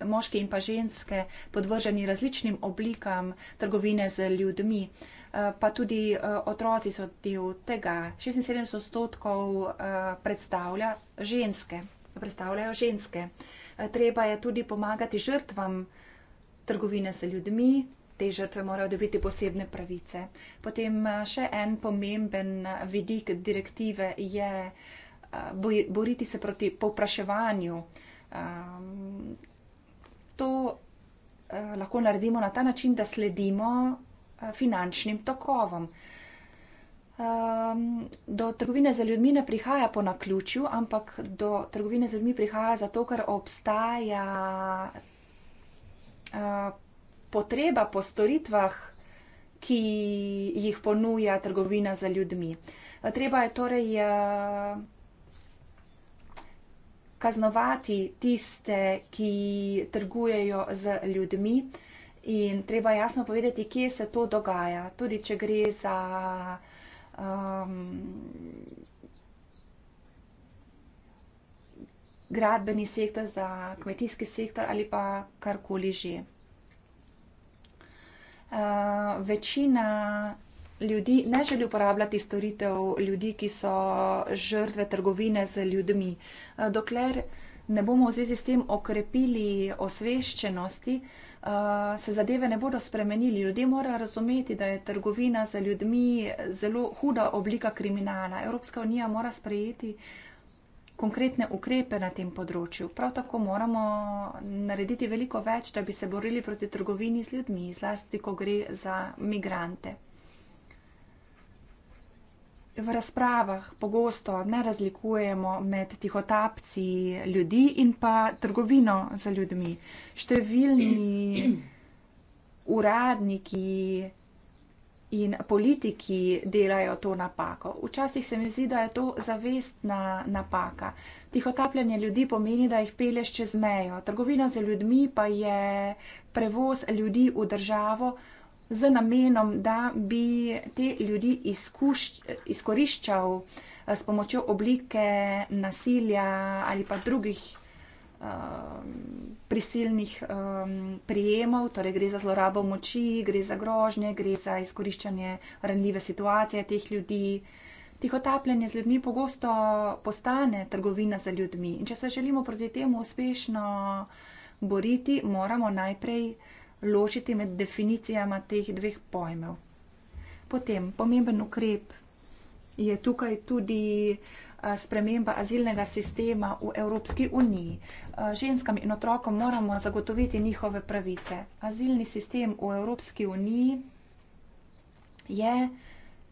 Moški in pa ženske podvrženi različnim oblikam trgovine z ljudmi. Eh, pa tudi eh, otroci so del tega. 76 odstotkov eh, predstavlja ženske, predstavljajo ženske. Treba je tudi pomagati žrtvam trgovine z ljudmi, te žrtve morajo dobiti posebne pravice. Potem še en pomemben vidik direktive je boriti se proti povpraševanju. Ehm, to lahko naredimo na ta način, da sledimo Eh, finančnim tokovom. Um, do trgovine za ljudmi ne prihaja po naključju, ampak do trgovine z ljudmi prihaja zato, ker obstaja uh, potreba po storitvah, ki jih ponuja trgovina za ljudmi. Eh, treba je torej uh, kaznovati tiste, ki trgujejo z ljudmi. In treba jasno povedati, kje se to dogaja. Tudi če gre za um, gradbeni sektor, za kmetijski sektor ali pa karkoli že. Uh, večina ljudi ne želi uporabljati storitev ljudi, ki so žrtve trgovine z ljudmi. Uh, dokler ne bomo v zvezi s tem okrepili osveščenosti, uh, uh, se zadeve ne bodo spremenili. Ljudje morajo razumeti, da je trgovina za ljudmi zelo huda oblika kriminala. Evropska unija mora sprejeti konkretne ukrepe na tem področju. Prav tako moramo narediti veliko več, da bi se borili proti trgovini z ljudmi, zlasti, ko gre za migrante v razpravah pogosto ne razlikujemo med tihotapci ljudi in pa trgovino z ljudmi. Številni uradniki in politiki delajo to napako. Včasih se mi zdi, da je to zavestna napaka. Tihotapljanje ljudi pomeni, da jih peleš čez mejo. Trgovina z ljudmi pa je prevoz ljudi v državo, z namenom, da bi te ljudi izkuš, izkoriščal eh, s pomočjo oblike nasilja ali pa drugih eh, prisilnih um, prijemov, torej gre za zlorabo moči, gre za grožnje, gre za izkoriščanje ranljive situacije teh ljudi. Tihotapljanje z ljudmi pogosto postane trgovina za ljudmi in če se želimo proti temu uspešno boriti, moramo najprej uh, ločiti med definicijama teh dveh pojmov. Potem pomemben ukrep je tukaj tudi sprememba azilnega sistema v Evropski uniji. Ženskam in otrokom moramo zagotoviti njihove pravice. Azilni sistem v Evropski uniji je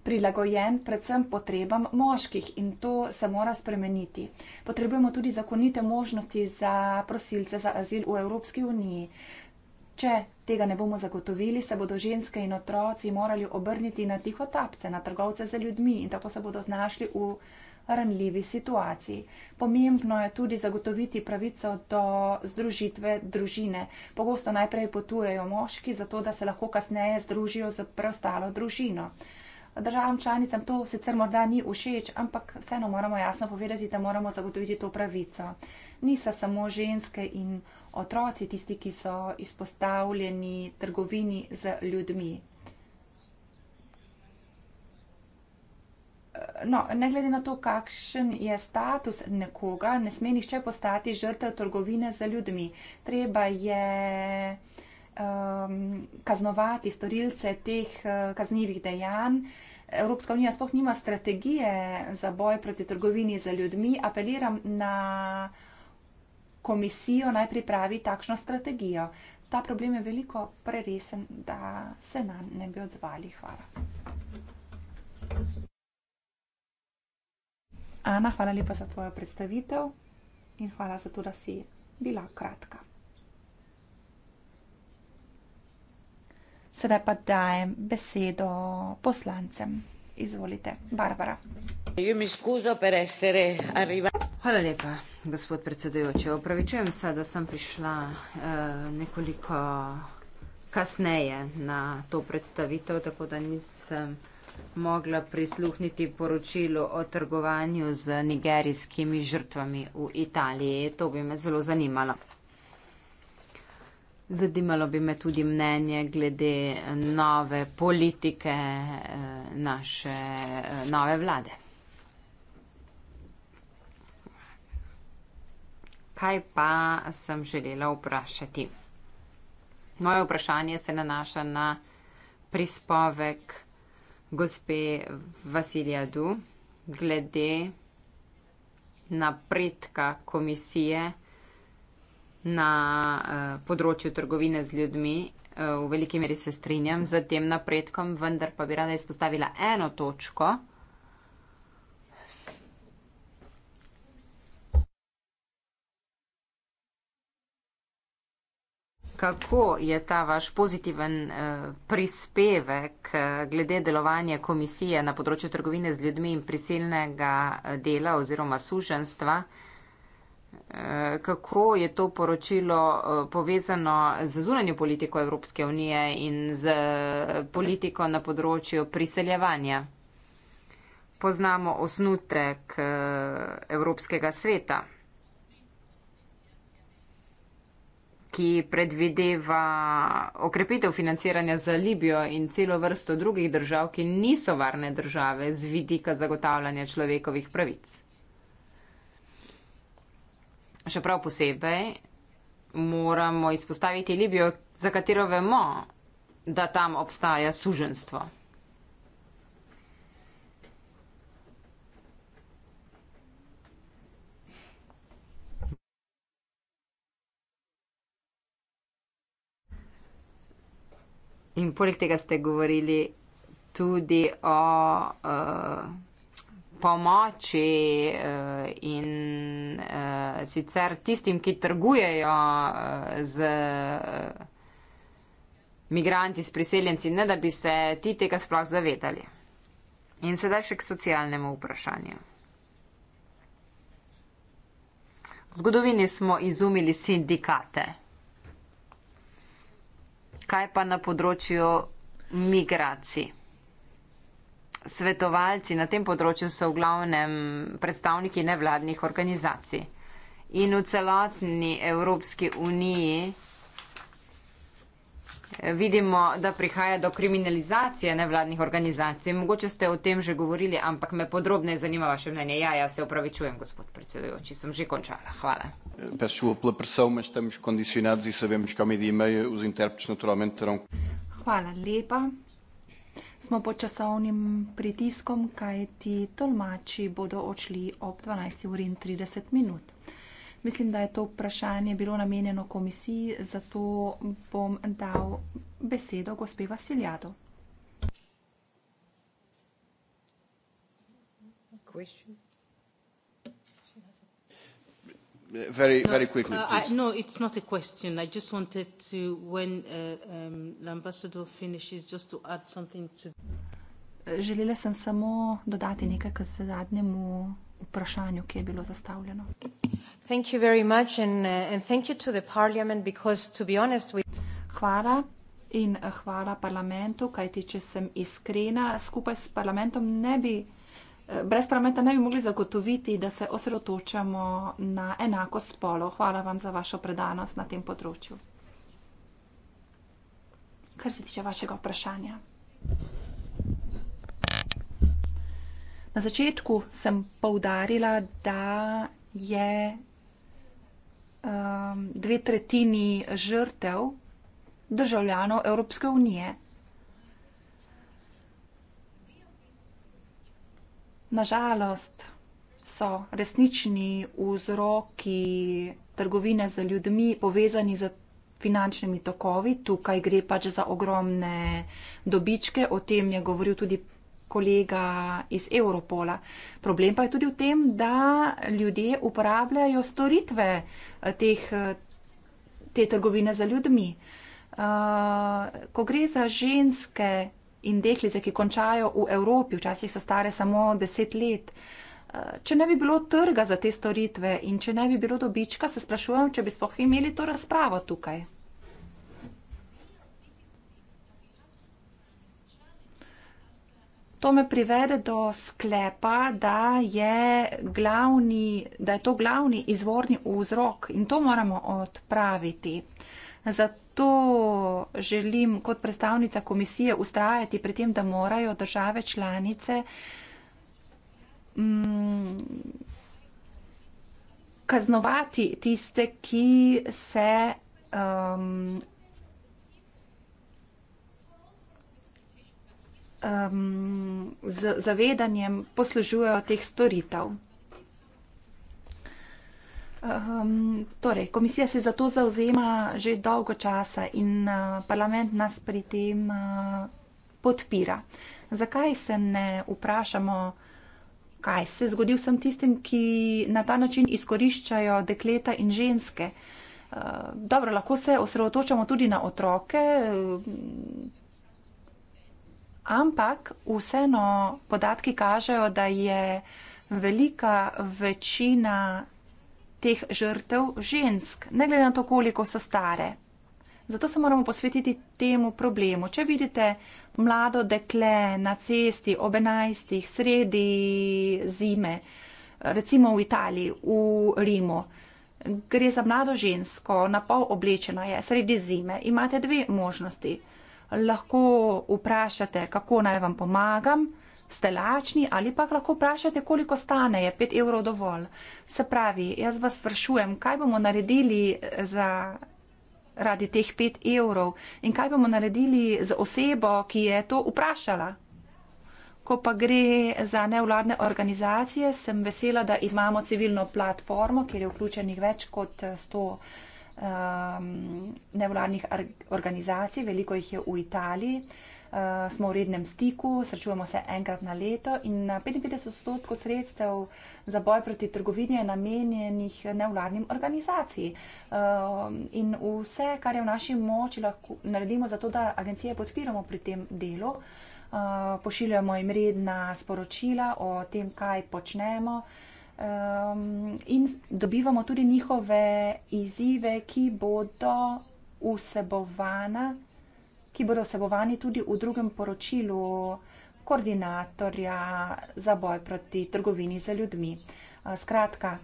prilagojen predvsem potrebam moških in to se mora spremeniti. Potrebujemo tudi zakonite možnosti za prosilce za azil v Evropski uniji. Če tega ne bomo zagotovili, se bodo ženske in otroci morali obrniti na tiho tapce, na trgovce za ljudmi in tako se bodo znašli v ranljivi situaciji. Pomembno je tudi zagotoviti pravico do združitve družine. Pogosto najprej potujejo moški, zato da se lahko kasneje združijo z preostalo družino državam članicam to sicer morda ni všeč, ampak vseeno moramo jasno povedati, da moramo zagotoviti to pravico. Niso samo ženske in otroci tisti, ki so izpostavljeni trgovini z ljudmi. No, ne glede na to, kakšen je status nekoga, ne sme nihče postati žrtev trgovine z ljudmi. Treba je um, kaznovati storilce teh uh, kaznjivih dejanj. Evropska unija sploh nima strategije za boj proti trgovini za ljudmi. Apeliram na komisijo naj pripravi takšno strategijo. Ta problem je veliko preresen, da se na ne bi odzvali. Hvala. Ana, hvala lepa za tvojo predstavitev in hvala za to, da si bila kratka. Sedaj pa dajem besedo poslancem. Izvolite, Barbara. Hvala lepa, gospod predsedujoči. Opravičujem se, da sem prišla uh, nekoliko kasneje na to predstavitev, tako da nisem mogla prisluhniti poročilu o trgovanju z nigerijskimi žrtvami v Italiji. To bi me zelo zanimalo. Zanimalo bi me tudi mnenje glede nove politike eh, naše eh, nove vlade. Kaj pa sem želela vprašati? Moje vprašanje se nanaša na prispovek gospe Vasilija Du glede napredka komisije na uh, področju trgovine z ljudmi. Uh, v veliki meri se strinjam z tem napredkom, vendar pa bi rada izpostavila eno točko. Kako je ta vaš pozitiven uh, prispevek uh, glede delovanja komisije na področju trgovine z ljudmi in prisilnega dela oziroma suženstva uh, Eh, kako je to poročilo eh, povezano z zunanjo politiko Evropske unije in z eh, politiko na področju priseljevanja. Poznamo osnutek Evropskega sveta, ki predvideva okrepitev financiranja za Libijo in celo vrsto drugih držav, ki niso varne države z vidika zagotavljanja človekovih pravic. Še prav posebej moramo izpostaviti Libijo, za katero vemo, da tam obstaja suženstvo. In poleg tega ste govorili tudi o uh, pomoči uh, in uh, sicer tistim, ki trgujejo uh, z uh, migranti, s priseljenci, ne da bi se ti tega sploh zavedali. In sedaj še k socialnemu vprašanju. V zgodovini smo izumili sindikate. Kaj pa na področju migracij? svetovalci na tem področju so v glavnem predstavniki nevladnih organizacij. In v celotni Evropski uniji eh, vidimo, da prihaja do kriminalizacije nevladnih organizacij. Mogoče ste o tem že govorili, ampak me podrobneje zanima vaše mnenje. Ja, ja, se opravičujem, gospod predsedujoči, sem že končala. Hvala. E e Hvala lepa smo pod časovnim pritiskom, kaj ti tolmači bodo odšli ob 12.30 minut. Mislim, da je to vprašanje bilo namenjeno komisiji, zato bom dal besedo gospe Vasiljado. Question. very, no, very quickly, uh, please. I, no, it's not a question. I just wanted to, when uh, um, the ambassador finishes, just to add something to. Eh, želela sem samo dodati nekaj k zadnjemu vprašanju, ki je bilo zastavljeno. Uh, hvala in eh, hvala parlamentu, kajti če sem iskrena, skupaj s parlamentom ne bi brez parameta ne bi mogli zagotoviti, da se osredotočamo na enako spolo. Hvala vam za vašo predanost na tem področju. Kar se tiče vašega vprašanja. Na začetku sem poudarila, da je um, dve tretjini žrtev državljanov Evropske unije. Nažalost so resnični vzroki trgovine z ljudmi povezani z finančnimi tokovi. Tukaj gre pač za ogromne dobičke, o tem je govoril tudi kolega iz Europola. Problem pa je tudi v tem, da ljudje uporabljajo storitve eh, teh, eh, te trgovine z ljudmi. Eh, ko gre za ženske, in deklice, ki končajo v Evropi, včasih so stare samo deset let. Eh, če ne bi bilo trga za te storitve in če ne bi bilo dobička, se sprašujem, če bi spoh imeli to razpravo tukaj. To me privede do sklepa, da je, glavni, da je to glavni izvorni vzrok in to moramo odpraviti. Zato želim kot predstavnica komisije ustrajati pri tem, da morajo države članice mm, kaznovati tiste, ki se um, um, z zavedanjem poslužujejo teh storitev. Um, torej, komisija se za to zauzema že dolgo časa in uh, parlament nas pri tem uh, podpira. Zakaj se ne vprašamo, kaj se zgodi vsem tistim, ki na ta način izkoriščajo dekleta in ženske? Uh, dobro, lahko se osredotočamo tudi na otroke. Uh, Ampak vseeno podatki kažejo, da je velika večina teh žrtev žensk, ne glede na to, koliko so stare. Zato se moramo posvetiti temu problemu. Če vidite mlado dekle na cesti ob 11. sredi zime, recimo v Italiji, v Rimu, gre za mlado žensko, napol oblečena je, sredi zime, imate dve možnosti. Lahko vprašate, kako naj vam pomagam, ste lačni ali pa lahko vprašate, koliko stane, je 5 evrov dovolj. Se pravi, jaz vas sprašujem, kaj bomo naredili eh, za radi teh 5 evrov in kaj bomo naredili z osebo, ki je to vprašala. Ko pa gre za nevladne organizacije, sem vesela, da imamo civilno platformo, kjer je vključenih več kot 100 eh, um, ehm, nevladnih organizacij, veliko jih je v Italiji. Uh, uh, smo v rednem stiku, srečujemo se enkrat na leto in 55 eh, odstotkov sredstev za boj proti trgovini je namenjenih eh, nevladnim organizacijam. Uh, in vse, kar je v naši moči, lahko naredimo za to, da agencije podpiramo pri tem delu. Uh, pošiljamo jim redna sporočila o tem, kaj počnemo. Um, in dobivamo tudi njihove izzive, ki bodo vsebovana ki bodo vsebovani tudi v drugem poročilu koordinatorja za boj proti trgovini za ljudmi. Skratka,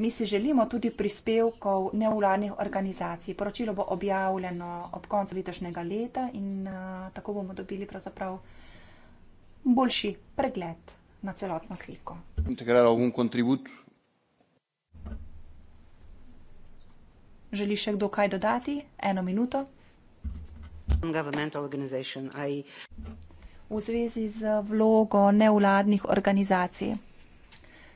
mi si želimo tudi prispevkov nevladnih organizacij. Poročilo bo objavljeno ob koncu letošnjega leta in tako bomo dobili pravzaprav boljši pregled na celotno sliko. Želi še kdo kaj dodati? Eno minuto v zvezi z vlogo nevladnih organizacij.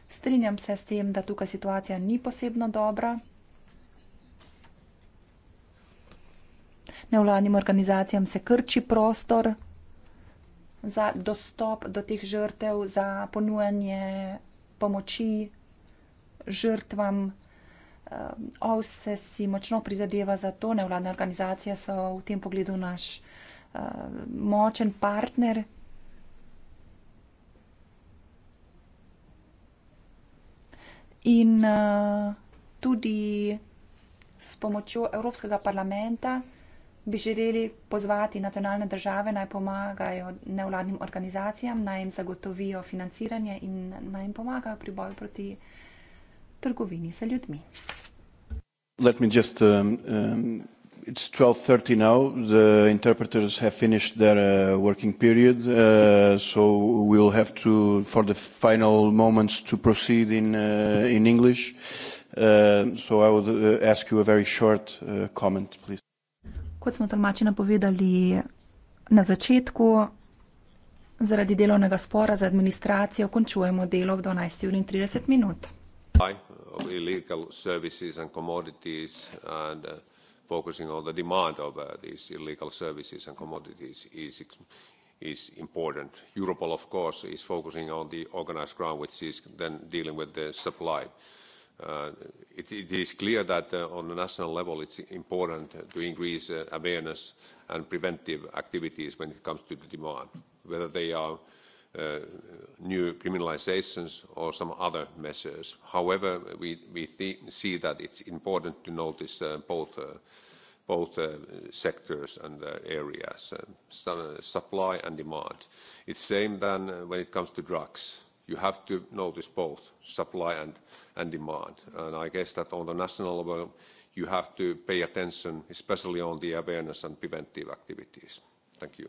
Strinjam se s tem, da tukaj situacija ni posebno dobra. Nevladnim organizacijam se krči prostor za dostop do teh žrtev, za ponujanje pomoči žrtvam Eh, OVS se si močno prizadeva za to, nevladne organizacije so v tem pogledu naš eh, močen partner. In eh, tudi s pomočjo Evropskega parlamenta bi želeli pozvati nacionalne države naj pomagajo nevladnim organizacijam, naj jim zagotovijo financiranje in naj jim pomagajo pri boju proti trgovini z ljudmi. Let me just um, um, it's 12:30 now the interpreters have finished their uh, working period uh, so we'll have to for the final moments to proceed in uh, in English uh, so I would uh, ask you a very short uh, comment please Kot smo tolmači napovedali na začetku zaradi delovnega spora za administracijo končujemo delo ob 12:30 minut supply of illegal services and commodities and uh, focusing on the demand of uh, these illegal services and commodities is important. Europol, of course, is focusing on the organized crime, which is then dealing with the supply. Uh, it is clear that on the national level, it's important to increase awareness and preventive activities when it comes to the demand, whether they are Uh, new criminalizations or some other measures. However, we, we th see that it's important to notice uh, both, uh, both uh, sectors and uh, areas, uh, su supply and demand. It's same than uh, when it comes to drugs. You have to notice both supply and, and demand. And I guess that on the national level, you have to pay attention, especially on the awareness and preventive activities. Thank you.